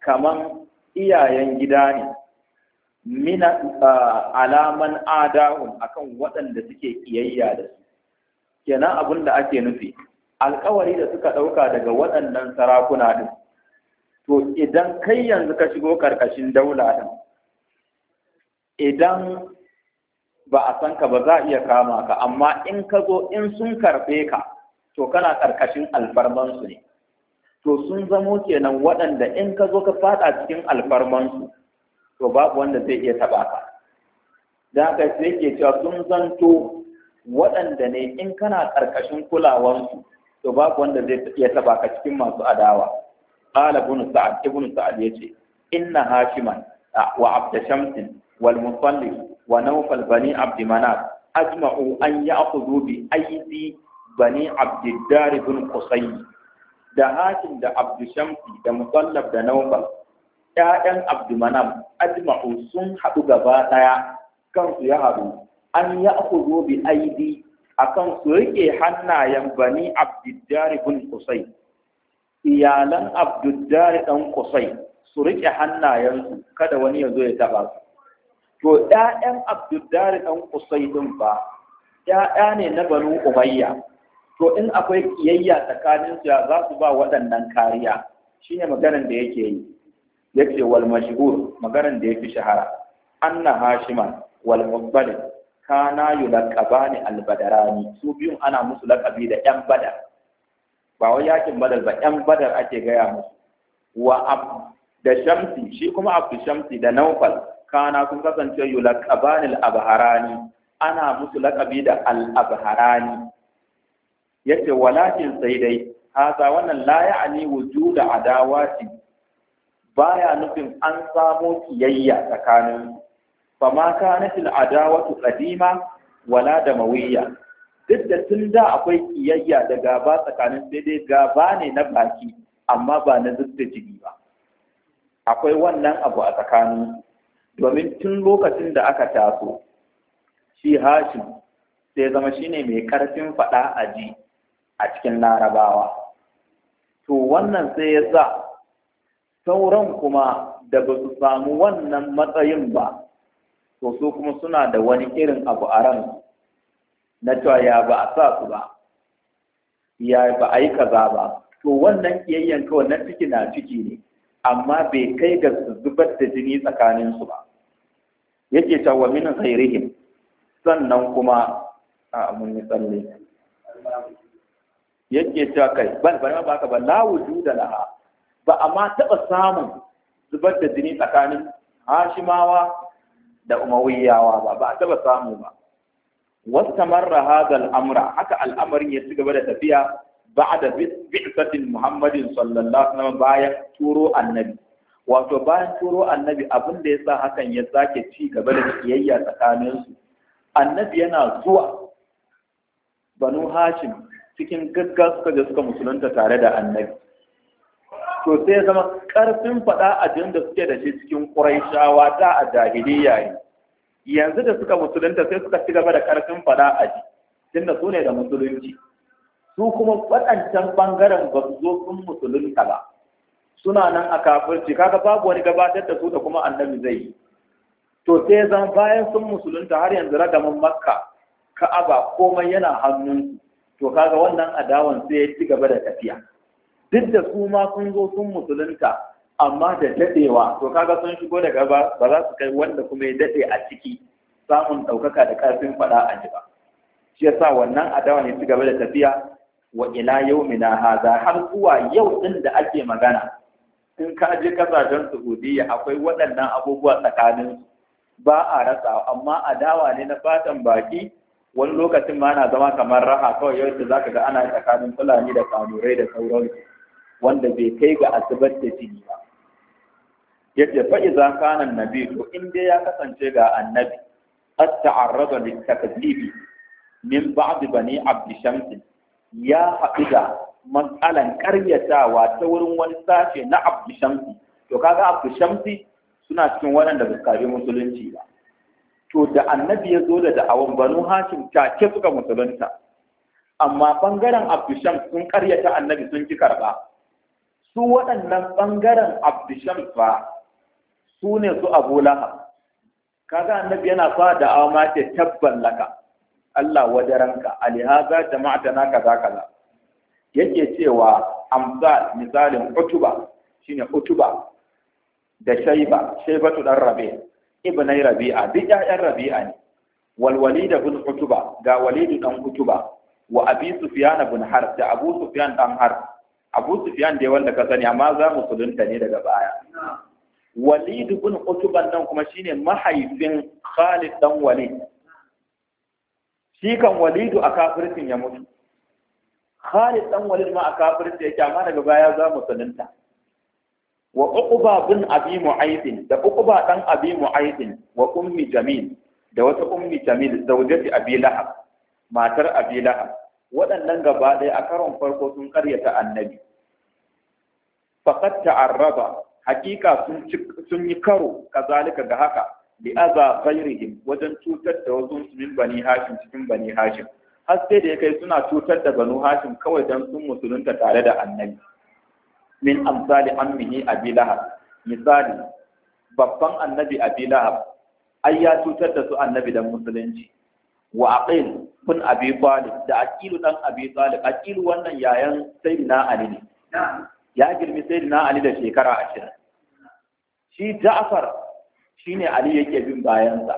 kaman iyayen gida ne mina alaman adahun akan waɗanda suke kiyayya da su kenan abin da ake nufi alkawari da suka ɗauka daga waɗannan sarakuna din to idan kai yanzu ka shigo karkashin daula din idan ba a san ka ba za a iya kama ka amma in ka zo in sun karbe ka to kana karkashin alfarmansu ne to sun zamo kenan waɗanda in ka zo ka faɗa cikin alfarmansu to babu wanda zai iya taɓa ka da haka sai ke cewa sun zanto waɗanda ne in kana ƙarƙashin kulawansu to babu wanda zai iya taɓa ka cikin masu adawa qala ibn sa'ad ibn sa'ad yace inna hashiman wa abd shamsin wal musalli wa nawfal bani abd manaf ajma'u an ya'khudhu bi aidi bani da hashim da abd shamsi da musallab da nawfal ƴaƴan abd manaf ajma'u sun haɗu gaba ɗaya kansu ya haɗu an ya'khudhu bi aidi akan su rike hannayen bani abd dar iyalan abdullari ɗan kusai su riƙe hannayensu kada wani ya zo ya taɓa su to ‘ya'yan abdullari ɗan kusai ɗin ba ‘ya'ya ne na banu umayya to in akwai kiyayya tsakaninsu ya za su ba waɗannan kariya Shi ne maganar da yake yi ya ce wal mashhur maganar da ya fi shahara anna hashiman wal mubbalin kana yulaqabani al su biyun ana musu lakabi da ‘yan badar ba wai yakin badar ba yan badar ake gaya musu wa da shamsi shi kuma abdu shamsi da naufal kana sun kasance yulaqabanil abharani ana musu lakabi da al-abharani yace walakin sai dai haza wannan la ya'ni wujuda adawati baya nufin an samo kiyayya tsakanin fama kanat al-adawatu qadima wala damawiyya duk da tun da akwai kiyayya da gaba tsakanin sai dai gaba ne na baki amma ba na da jini ba akwai wannan abu a tsakanin domin tun lokacin da aka taso shi Hashi sai zama shi ne mai ƙarfin faɗa a ji a cikin larabawa to wannan sai ya sa sauran kuma da ba su samu wannan matsayin ba to su kuma suna da wani irin abu a ransu na cewa ya ba a sa su ba ya ba a yi kaza ba to wannan kiyayyen kawai na ciki na ciki ne amma bai kai ga zubar da jini tsakanin su ba yake cewa min ghairihim sannan kuma a mun yi tsalle yake cewa kai ban ban ba ka ba la wujuda laha ba amma taba samun zubar da jini tsakanin hashimawa da umawiyawa ba ba taba samu ba wastamarra tamarraha al-amra haka al'amarin ya ci gaba da tafiya ba'da bi'satin Muhammadin sallallahu alaihi wasallam bayan turo annabi wato bayan turo annabi abin da sa hakan ya sake ci gaba da kiyayya tsakanin su annabi yana zuwa banu hashim cikin gaggawa suka je suka musulunta tare da annabi to sai zama karfin faɗa a da suke da shi cikin shawa da a jahiliya ne yanzu da suka musulunta sai suka ci gaba da karfin fada a ji tunda su ne da musulunci su kuma waɗancan ɓangaren ba su zo sun musulunta ba suna nan a kafirci kaga babu wani gabatar da su da kuma annabi zai yi to sai zan bayan sun musulunta har yanzu ragamin makka ka'aba komai yana hannun to kaga wannan adawan sai ya ci gaba da tafiya duk da su ma sun zo sun musulunta amma da daɗewa, to kaga sun shigo daga ba ba za su kai wanda kuma ya daɗe a ciki samun ɗaukaka da ƙarfin faɗa a ji ba shi yasa wannan adawa ne su gaba da tafiya wa ila yaumina haza har zuwa yau din da ake magana in ka je kasashen Saudiya akwai waɗannan abubuwa tsakanin ba a rasa amma adawa ne na fatan baki wani lokacin ma na zama kamar raha kawai yau da zaka ga ana tsakanin Fulani da Kanurai da sauransu wanda bai kai ga asibar da jini ba yace fa idza kana annabi to in dai ya kasance ga annabi qad ta'arrada litakdibi min ba'd bani abd shams ya haɗu da matsalan ƙaryatawa ta wurin wani sashe na abd shams to kaga abd shams suna cikin waɗanda ba musulunci ba to da annabi ya zo da da'awan banu hashim ke suka musulunta amma bangaren abdusham sun ƙaryata annabi sun ki karba su waɗannan bangaren abdusham ba. su ne su abu lahab kaga annabi yana fa da amma ta tabban laka Allah wadaranka alihaza jama'ata na kaza kaza yake cewa amsal misalin utuba shine utuba da shaiba shaibatu dan rabi ibnai rabi'a duk ƴaƴan rabi'a ne wal walid bin utuba ga walid dan utuba wa abi sufyan bin har da abu sufyan dan har abu sufyan dai wanda ka sani amma za mu kudunta ne daga baya walid ibn utban nan kuma shine mahaifin khalid dan walid shi kan walidu a kafircin ya mutu khalid dan walid ma a kafircin yake amma daga baya za sanunta wa uqba bin abi mu'ayd da uqba dan abi mu'ayd wa ummi jamil da wata ummi jamil zawjati abi lahab matar abi lahab waɗannan gaba ɗaya a karon farko sun ƙaryata annabi faqad ta'arraba hakika sun yi karo kazalika ga haka bi aza ghairihim wajen cutar da wasu min bani hashim cikin bani hashim har sai da ya kai suna cutar da banu hashim kawai dan sun musulunta tare da annabi min amsali ammihi abi lahab misali babban annabi abi lahab ai ya cutar da su annabi dan musulunci wa aqil kun abi talib da aqilu dan abi talib aqilu wannan yayan sayyidina ali ne ya girmi sayyidina ali da shekara ashirin shi ja'far shine ali yake bin bayansa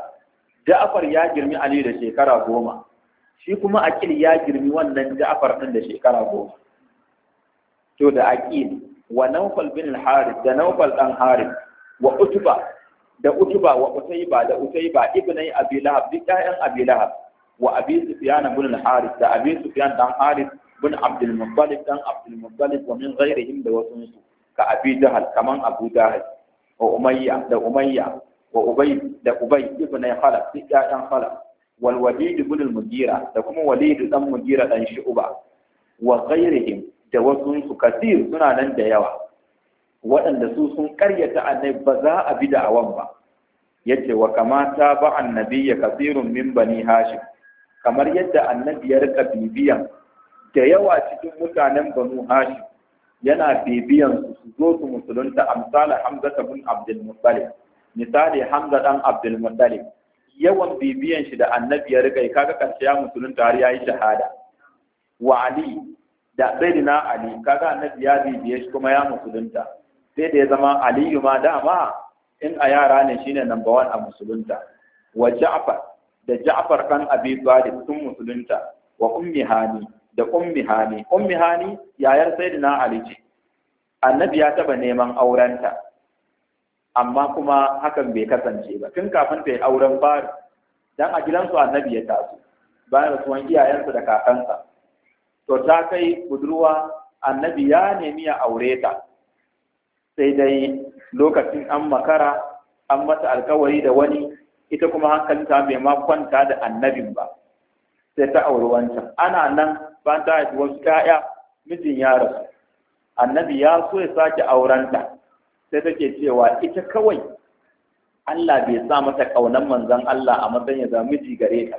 ja'far ya girmi ali da shekara goma shi kuma aqil ya girmi wannan ja'far ɗin da shekara goma to da aqil wa nawfal bin al-harith da nawfal ɗan harith wa utuba da utuba wa utaiba da utaiba ibnai abi lahab duk yayan abi lahab wa abi sufyan ibn harith da abi sufyan ɗan harith bin Abdul Muttalib dan Abdul Muttalib wa min ghairihim da wasu ka Abi Jahal Abu Jahal da Umayya da Ubay ibn ƴaƴan Khalaf wal Walid ibn al da kuma Walid dan Mughira dan Shu'ba wa ghairihim da wasu su kasir suna nan da yawa waɗanda su sun karyata annabi ba za a bi da'awan ba yace wa kamata ba annabiyya kasirun min bani hashim kamar yadda annabi ya rika bibiyan da yawa cikin mutanen banu Hashi yana bibiyan su su zo su musulunta amsala hamza ta bin abdul misali hamza dan abdul yawan bibiyan shi da annabi ya riga kaga karshe ya musulunta har yayi shahada wa ali da sayyidina ali kaga annabi ya bibiye shi kuma ya musulunta sai da ya zama aliyu ma dama in a yara ne shine number one a musulunta wa ja'far da ja'far kan abi talib sun musulunta wa ummi hani da ummi hani ummi hani yayar sayyidina ali ce annabi ya taba neman aurenta amma kuma hakan bai kasance ba tun kafin ta yi auren fari dan a gidansu annabi ya taso bayan rasuwan iyayensa da kakansa to ta kai budurwa annabi ya nemi ya aure ta sai dai lokacin an makara an mata alkawari da wani ita kuma hankalinta bai ma kwanta da annabin ba sai ta auri wancan ana nan bayan haifi wasu ƴaƴa mijin ya annabi ya so ya sake aurenta sai take cewa ita kawai Allah bai sa mata ƙaunar manzon Allah a matsayin ya zama miji gare ta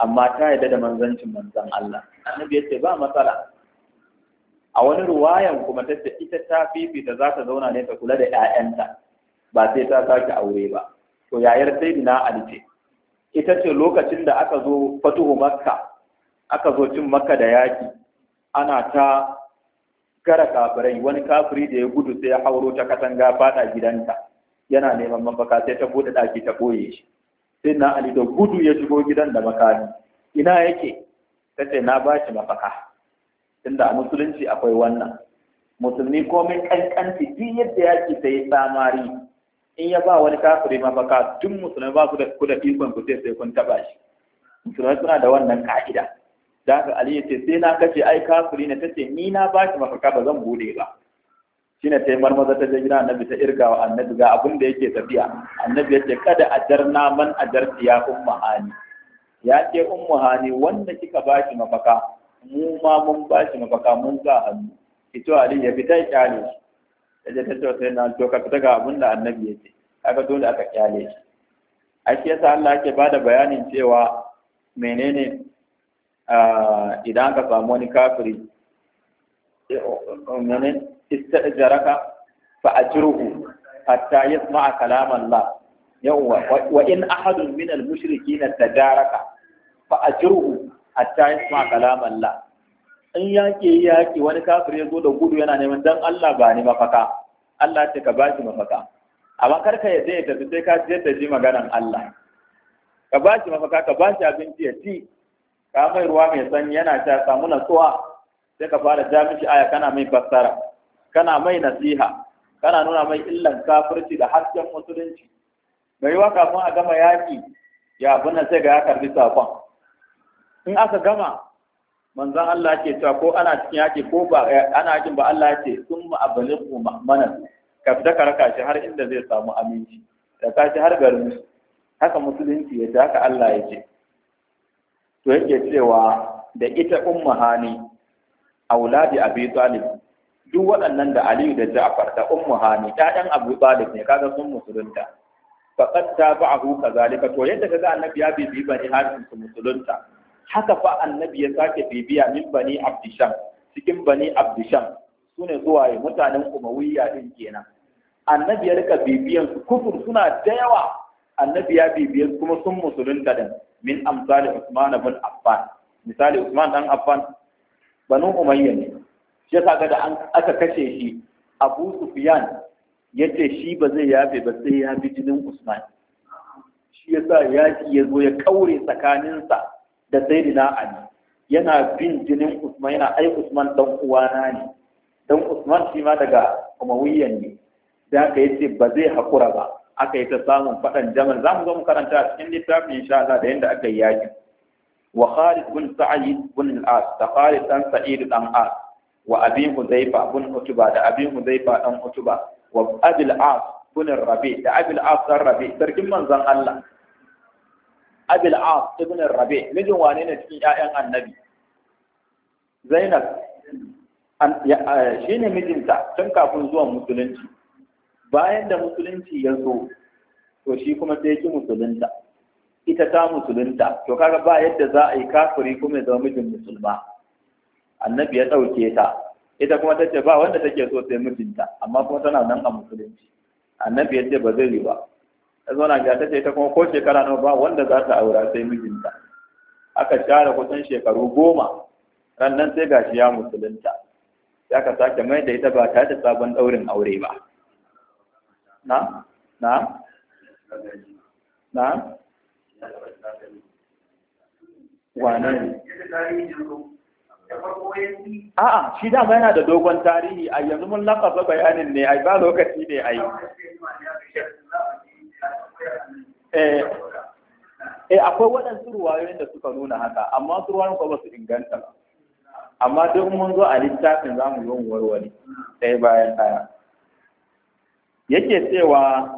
amma ta yarda da manzancin manzon Allah annabi ya ce ba matsala a wani ruwayan kuma ta ce ita ta ta za ta zauna ne ta kula da 'ya'yanta ba sai ta sake aure ba to yayar sai na alice ita ce lokacin da aka zo fatuhu makka aka zo cin maka da yaki ana ta gara kafirai wani kafiri da ya gudu sai ya hauro ta katanga fada gidanta yana neman mafaka sai ta bude daki ta koye shi sai na ali da gudu ya shigo gidan da makami ina yake ta ce na ba shi mafaka tunda a musulunci akwai wannan musulmi komai kankanci duk yadda yaki ta yi samari. in ya ba wani kafiri mafaka duk musulmi ba su da kuda ikon ku sai sai kun taba shi musulmai suna da wannan ka'ida da haka ali ya ce sai na kace ai kafiri ne tace ni na ba shi mafaka ba zan bude ba shine ta marmaza ta je gidan annabi ta irgawa annabi ga abin da yake tafiya annabi ya ce kada a jarna man a jarti ya umma hani ya ce ummu hani wanda kika ba shi mafaka mu ma mun ba shi mafaka mun sa hannu ito ali ya fita ya kyale shi ta je ta ce sai na to ka fita ga abin da annabi ya ce kaga dole aka kyale shi ake yasa Allah yake bada bayanin cewa menene idan ka samu wani kafiri mene istajaraka fa a ajruhu hatta yasma'a kalaman la yawwa wa in ahadun min al mushrikin tajaraka fa a ajruhu hatta yasma'a kalaman la in yake yaƙi wani kafiri ya zo da gudu yana neman dan Allah ba ni mafaka Allah ce ka ba shi mafaka amma kar ka yadda ya tafi sai ka jiyar ta ji maganan Allah ka ba shi mafaka ka ba shi abinci ya ci ka mai ruwa mai sanyi yana ta samu nasuwa sai ka fara ja mishi aya kana mai fassara kana mai nasiha kana nuna mai illan kafirci da hasken musulunci yi wa kafin a gama yaki ya abin nan sai ga ya karbi sakon in aka gama manzon Allah ke cewa ko ana cikin yaki ko ba ana yakin ba Allah ce sun ku mana ka fita ka raka shi har inda zai samu aminci da ka har garin haka musulunci ya ce haka Allah ya ce to yake cewa da ita umma hani auladi abi talib duk waɗannan da aliyu da ja'far da ummu hani ɗayan abu talib ne kaga sun musulunta faqad tabahu kazalika to yadda kaga annabi ya bibi bani hasim su musulunta haka fa annabi ya sake bibiya min bani abdisham cikin bani abdisham sune zuwa mutanen umawiyya din kenan annabi ya rika bibiyan su kufur suna da yawa annabi ya bibiye kuma sun da dan min amsali Usman bin Affan misali Usman dan Affan banu Umayya ne shi yasa ga da an aka kace shi Abu Sufyan yace shi ba zai yafe ba sai ya bi jinin Usman shi yasa yaki ya zo ya kaure tsakaninsa da Sayyidina Ali yana bin jinin Usman yana ai Usman dan uwana ne dan Usman shi ma daga Umayyan ne da aka yace ba zai hakura ba aka yi ta samun faɗan jamal za mu zo mu karanta a cikin littafin insha Allah da yadda aka yi yaƙi wa Khalid bin Sa'id bin al-As da Khalid dan Sa'id dan As wa Abi Hudayfa bin Utba da Abi Hudayfa dan Utba wa Abi al-As bin Rabi da Abi al-As dan Rabi sarkin manzon Allah Abi al-As ibn Rabi mijin wane ne cikin ƴaƴan Annabi Zainab eh, shi ne mijinta tun kafin zuwan musulunci bayan da musulunci ya zo to shi kuma sai ki musulunta ita ta musulunta to kaga ba yadda za a yi kafiri kuma ya zama mijin musulma annabi ya ɗauke ta ita kuma ta ce ba wanda take so sai mijinta amma kuma tana nan a musulunci annabi ya ce ba zai yi ba ta zo na ta ce ita kuma ko shekara nawa ba wanda za ta aura sai mijinta aka share kusan shekaru goma ran nan sai gashi ya musulunta ya ka sake mai da ita ba tare da sabon ɗaurin aure ba na na na وانا ne a'a shi dama yana da dogon tarihi a yanzu mun lakasa bayanin ne ai ba lokaci ne ai eh eh akwai waɗansu ruwayoyin da suka nuna haka amma su ruwayoyin kuma su inganta ba amma duk mun zo a littafin za mu yi warware ɗaya bayan ɗaya yake cewa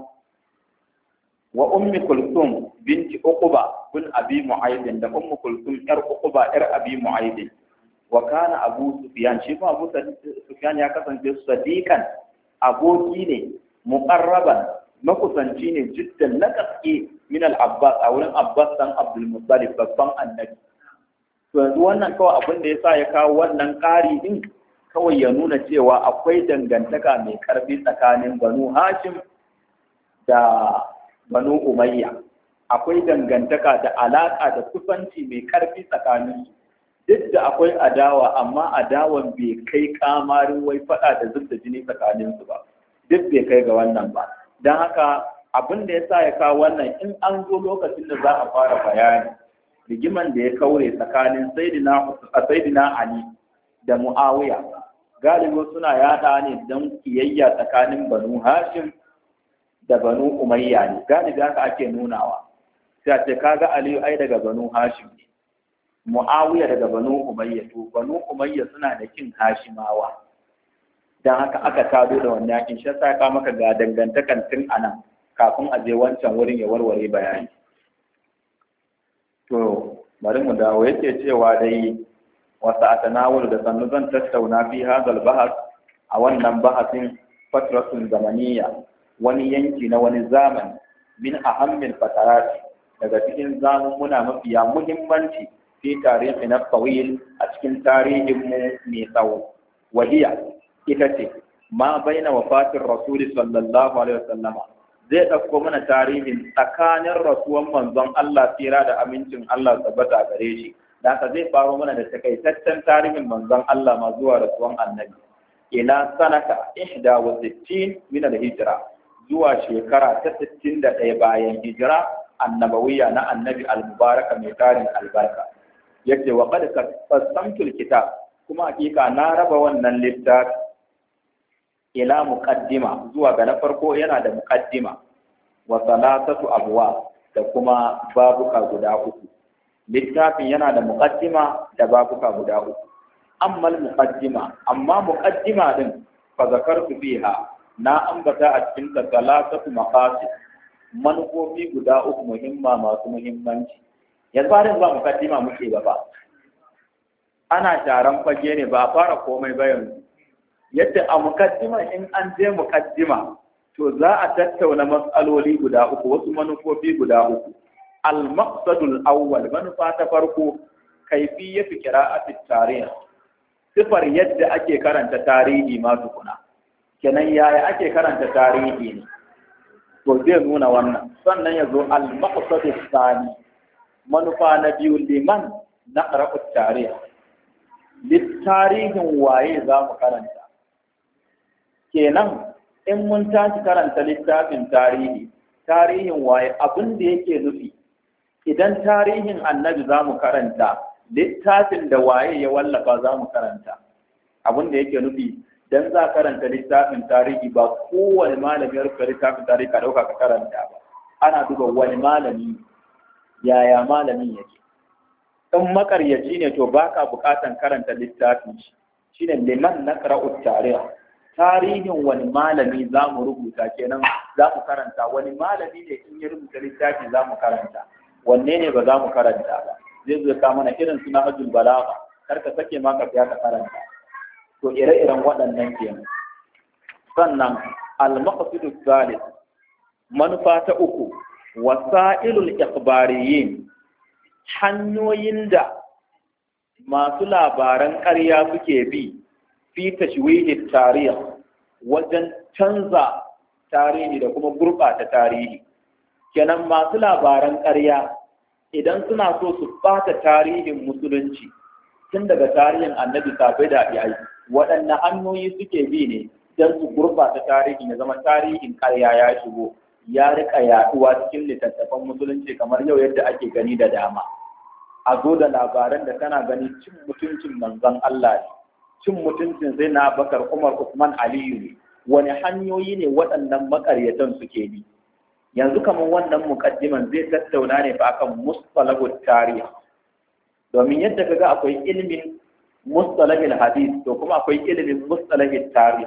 wa ummi kulsum binti uquba bin abi mu'aydin da ummi kulsum yar uquba yar abi mu'aydin wa kana abu sufyan shi kuma abu sufyan ya kasance sadiqan aboki ne muqarraban makusanci ne jiddan na gaske min al-abbas a wurin abbas dan abdul muttalib babban annabi to yanzu wannan kawai abin da yasa ya kawo wannan ƙari din kawai ya nuna cewa akwai dangantaka mai karfi tsakanin banu hashim da banu umayya akwai dangantaka da alaƙa da kusanci mai karfi tsakanin duk da akwai adawa amma adawan bai kai kamarin wai faɗa da zubda jini tsakaninsu ba duk bai kai ga wannan ba don haka abin da ya sa ya kawo wannan in an zo lokacin da za a fara bayani rigiman da ya kaure tsakanin sayidina ali da mu'awiya galibi suna yada ne don kiyayya tsakanin banu hashim da banu umayya ne galibi haka ake nunawa sai ce kaga aliyu ai daga banu hashim ne mu'awiya daga banu umayya to banu umayya suna da kin hashimawa dan haka aka tado da wannan yakin shi sai ka maka ga dangantakan tun anan kafin a je wancan wurin ya warware bayani to bari mu dawo yake cewa dai wasa a tanawul da sannu zan tattauna fi hazal bahas a wannan bahasin fatratun zamaniya wani yanki na wani zamani min ahammin fatarati daga cikin muna mafiya muhimmanci fi tarihi na tawil a cikin tarihinmu mai tsawo wahiya ita ce ma baina wafatin rasuli sallallahu alaihi wasallama zai ɗauko mana tarihin tsakanin rasuwan manzon Allah tsira da amincin Allah tabbata gare shi da haka zai faro mana da takaitaccen tarihin manzon Allah ma zuwa rasuwan annabi ila sanaka ihda wa sittin min al-hijra zuwa shekara ta 61 bayan hijira annabawiya na annabi al-mubaraka mai tarin albarka yace wa qad qasamtu al-kitab kuma hakika na raba wannan littafi ila muqaddima zuwa ga na farko yana da muqaddima wa salatatu abwa da kuma babuka guda uku littafin yana da muƙaddima da babuka guda uku ammal muqaddima amma muqaddima din fa zakartu fiha na ambata a cikin ta su maqasid manufofi guda uku muhimma masu muhimmanci yanzu har ba muqaddima muke ba ba ana taron fage ne ba fara komai ba yanzu yadda a muƙaddima in an je muƙaddima, to za a tattauna matsaloli guda uku wasu manufofi guda uku al Auwal manufa ta farko kaifiyatu qira'ati tarih sifar yadda ake karanta tarihi ma tukuna kenan yaya ake karanta tarihi ne to zai nuna wannan sannan ya zo al sani manufa na biyu liman na ƙarƙar tarihi littarihin waye za mu karanta kenan in mun tashi karanta littafin tarihi tarihin waye abinda da yake nufi idan tarihin annabi za mu karanta littafin da waye ya wallafa za mu karanta abin da yake nufi don za karanta littafin tarihi ba kowane malami ya rufe littafin tarihi ka dauka ka karanta ba ana duba wani malami yaya malamin yake in makaryaci ne to baka bukatan karanta littafin shi shine liman na karaut tarikh tarihin wani malami za mu rubuta kenan za mu karanta wani malami ne in ya rubuta littafin za mu karanta wanne ne ba za mu karanta ba zai zo ka mana irin suna hajjul balaga kar ka sake ma ka fiya ka karanta to ire-iren waɗannan kenan sannan al-maqsidu thalith manufa ta uku wasailul ikhbariyin hanyoyin da masu labaran ƙarya suke bi fi tashwihi tarih wajen canza tarihi da kuma gurɓata tarihi kenan masu labaran ƙarya idan suna so su ɓata tarihin musulunci tun daga tarihin annabi sabai da abiyai waɗanne hanyoyi suke bi ne don su gurbata tarihin ya zama tarihin ƙarya ya shigo ya riƙa yaɗuwa cikin littattafan musulunci kamar yau yadda ake gani da dama a zo da labaran da tana gani cin mutuncin manzon Allah ne cin mutuncin zai na bakar Umar Usman Aliyu ne wani hanyoyi ne waɗannan maƙaryatan suke bi yanzu kamar wannan mukaddiman zai tattauna ne fa akan mustalahut tarih domin yadda kaga akwai ilimin mustalahil hadith to kuma akwai ilimin mustalahil tarih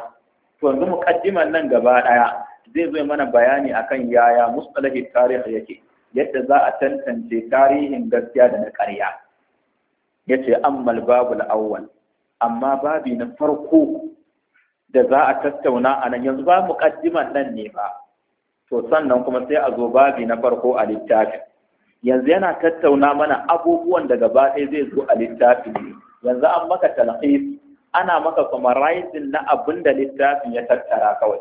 to yanzu mukaddiman nan gaba daya zai zo mana bayani akan yaya mustalahil tarih yake yadda za a tantance tarihin gaskiya da na ƙarya yace ammal babul awwal amma babi na farko da za a tattauna a nan yanzu ba mukaddiman nan ne ba to sannan kuma sai a zo babi na farko a littafin yanzu yana tattauna mana abubuwan da gaba ɗaya zai zo a littafin yanzu an maka talhis ana maka summarizing na abin da littafin ya tattara kawai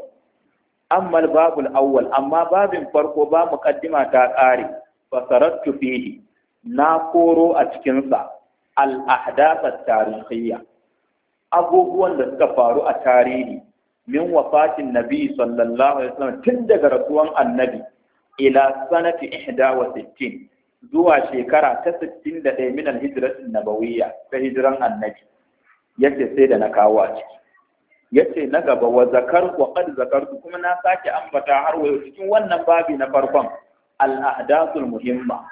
ammal babul awwal amma babin farko ba muqaddima ta ƙare fasarattu fihi na koro a cikin sa al ahdath at tarihiyya abubuwan da suka faru a tarihi min wafatin nabi sallallahu alaihi wasallam tun daga rasuwan annabi ila sanati sittin, zuwa shekara ta 61 min alhijratin nabawiyya ta hijran annabi yace sai da na kawo a ciki yace na gaba wa zakar wa qad zakartu kuma na sake ambata har wayo cikin wannan babi na farkon al ahdathul muhimma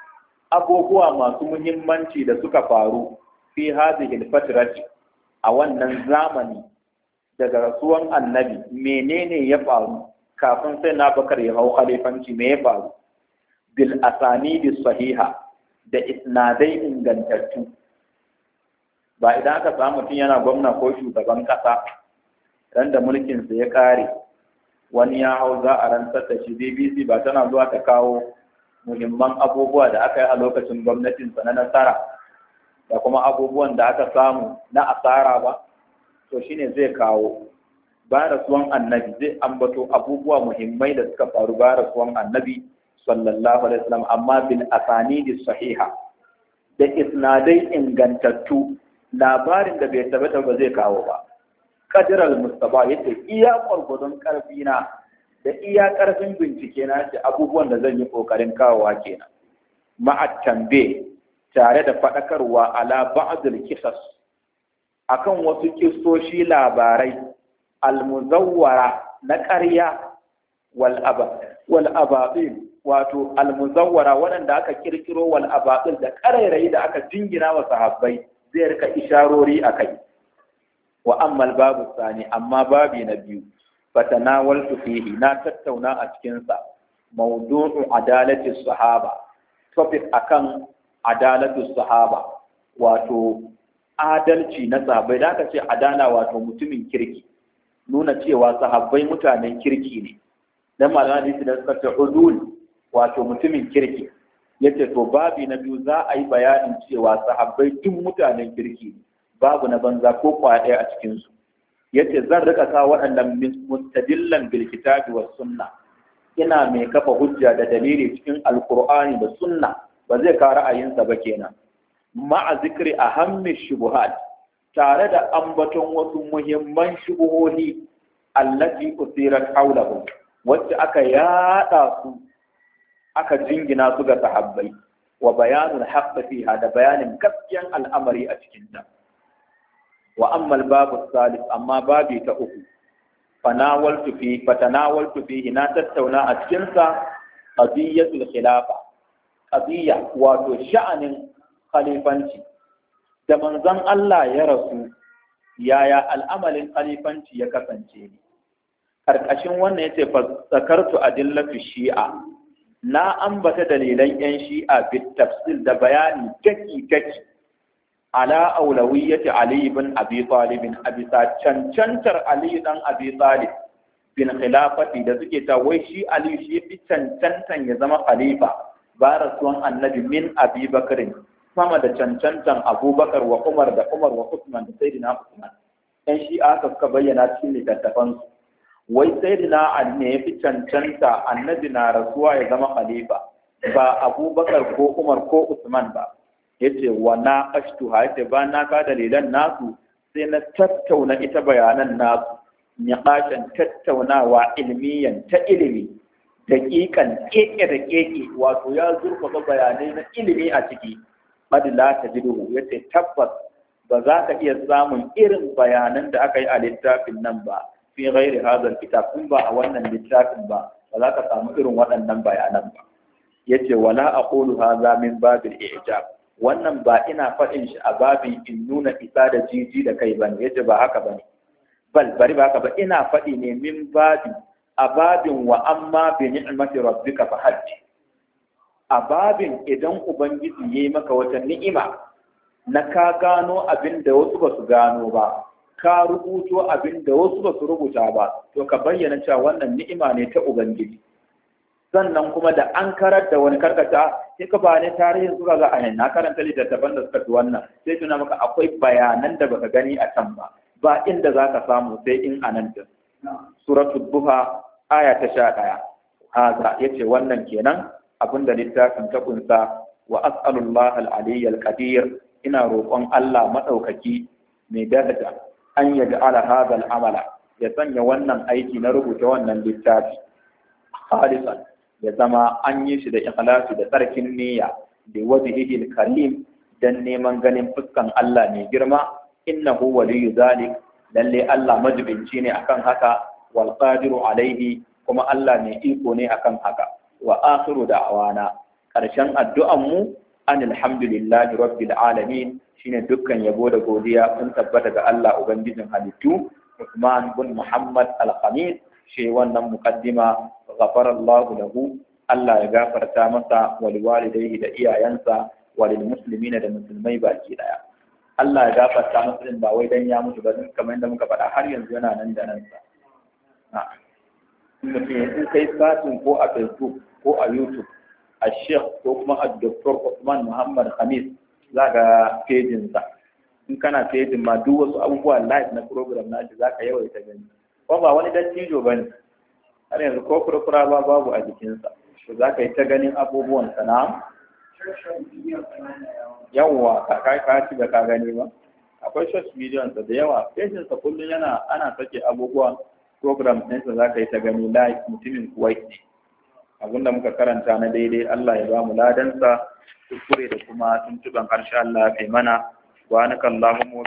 abubuwa masu muhimmanci da suka faru fi hadhihi al a wannan zamani daga rasuwan annabi menene ya faru kafin sai na bakar ya hau khalifanci me ya faru bil asani sahiha da isnadai ingantattu ba idan aka samu mutum yana gwamna ko shugaban kasa dan da sa ya kare wani ya hau za a rantsar da shi bbc ba tana zuwa ta kawo muhimman abubuwa da aka yi a lokacin gwamnatin sa na nasara da kuma abubuwan da aka samu na asara ba to ne zai kawo ba rasuwan annabi zai ambato abubuwa muhimmai da suka faru ba rasuwan annabi sallallahu alaihi wasallam amma bil asanidi sahiha da isnadai ingantattu labarin da bai tabbata ba zai kawo ba kadiral mustaba yace iya gwargwadon karfi na da iya karfin bincike na ce abubuwan da zan yi kokarin kawowa kenan ma'a tambe tare da faɗakarwa ala ba'dul kisas akan wasu kistoshi labarai almuzawwara na ƙarya wal ababil wato almuzawwara waɗanda aka kirkiro wal da ƙarairayi da aka jingina wa sahabbai zai rika isharori a kai wa ammal babu sani amma babu na biyu fatanawaltu fihi na tattauna a cikinsa mawdu'u adalati sahaba topic akan adalatu sahaba wato adalci na sahabbai da aka ce adala wato mutumin kirki nuna cewa sahabbai mutanen kirki ne dan malaman hadisi da suka ce udul wato mutumin kirki yace to babi na biyu za a yi bayanin cewa sahabbai duk mutanen kirki ne babu na banza ko kwaɗaya a cikin su yace zan rika sa waɗannan mustadillan bil kitabi was sunna ina mai kafa hujja da dalili cikin alqur'ani da sunna ba zai ka ra'ayinsa ba kenan ma'a a Hammi shubuhat tare da ambaton wasu muhimman shubuhohi allati usirat hawlahu wacce aka yada su aka jingina su ga sahabbai wa bayanin haɓɓafiya da bayanin gaskiyan al'amari a cikin ta wa Ammal babu salif amma babi ta uku fanawaltu fi na tattauna a cikin sa qadiyatul khilafa qadiya wato sha'anin khalifanci da manzon Allah ya rasu yaya al'amalin khalifanci ya kasance karkashin wannan yace fa zakartu adillatu shi'a na ambata dalilan yan shi'a bit tafsil da bayani daki daki ala aulawiyyati ali ibn abi talib abisa cancantar ali dan abi talib bin khilafati da suke ta wai shi ali shi fi cancantan ya zama khalifa ba rasuwan annabi min abi sama da cancantan abubakar wa umar da umar wa usman da sayyidina usman yan shi'a aka suka bayyana cikin littattafansu wai sayyidina ali ne ya fi cancanta annabi na rasuwa ya zama khalifa ba abubakar ko umar ko usman ba yace wa na ashtu yace ba na ka dalilan nasu sai na tattauna ita bayanan nasu niqashan tattaunawa ilmiyan ta ilimi daƙiƙan ƙeƙe da ƙeƙe wato ya zurfafa bayanai na ilimi a ciki qad la ya yace tabbas ba za ka iya samun irin bayanan da aka yi a littafin nan ba fi ghairi hadha kitab in ba a wannan littafin ba ba za ka samu irin waɗannan bayanan ba yace wala aqulu hadha min babin i'jab wannan ba ina faɗin shi a babin in nuna isa da jiji da kai Ya ce ba haka ne. bal bari ba haka ba ina faɗi ne min babi a babin wa amma bi ni'mati rabbika fa haddi a babin idan ubangiji ya yi maka wata ni'ima na ka gano abin da wasu ba su gano ba ka rubuto abin da wasu ba su rubuta ba to ka bayyana cewa wannan ni'ima ne ta ubangiji sannan kuma da an karar da wani karkata sai ka ba ne tarihin suka ga yi na karanta littattafan da suka fi wannan sai tuna maka akwai bayanan da baka gani a can ba ba inda za ka samu sai in a nan din suratul duha aya ta sha ɗaya haza ya ce wannan kenan abin da littafin ta kunsa wa as'alullah al-aliyy al-qadir ina roƙon Allah madaukaki mai daraja an yaj'ala hadha al-amala ya sanya wannan aiki na rubuta wannan littafi khalisan ya zama an yi shi da ikhlasi da tsarkin niyya da wajhihi al-karim dan neman ganin fuskan Allah mai girma innahu waliyyu zalik lalle Allah majibinci ne akan haka wal qadiru alaihi kuma Allah mai iko ne akan haka wa akhiru da'wana ƙarshen addu'anmu an alhamdulillahi rabbil alamin shine dukkan yabo da godiya sun tabbata ga Allah ubangijin halittu Usman bun, Muhammad al-Khamis shi wannan muqaddima ghafarallahu lahu Allah ya gafarta masa wa liwalidayhi da iyayensa wa lil muslimina da musulmai baki daya Allah ya gafarta Musulmin ba wai dan ya mutu ba kamar yadda muka faɗa har yanzu yana nan da nan sa in kai satin ko a Facebook ko a youtube a sheikh ko kuma a doktor Usman Muhammad Hamis za ga sa in kana pejin ma duk wasu abubuwa live na program na shi za ka ta gani ko ba wani dattijo ba ne har yanzu ko kurkura ba babu a jikinsa to za ka yi ta ganin abubuwan sa na? yawwa ka ka ci da ka gani ba akwai short videon sa da yawa pejin sa kullun yana ana sake abubuwa program ɗinsa za ka yi ta gani live mutumin kuwaiti ne abinda muka karanta na daidai Allah ya ba mu ladansa kuskure da kuma tuntuban harshe Allah ya kai mana wa anaka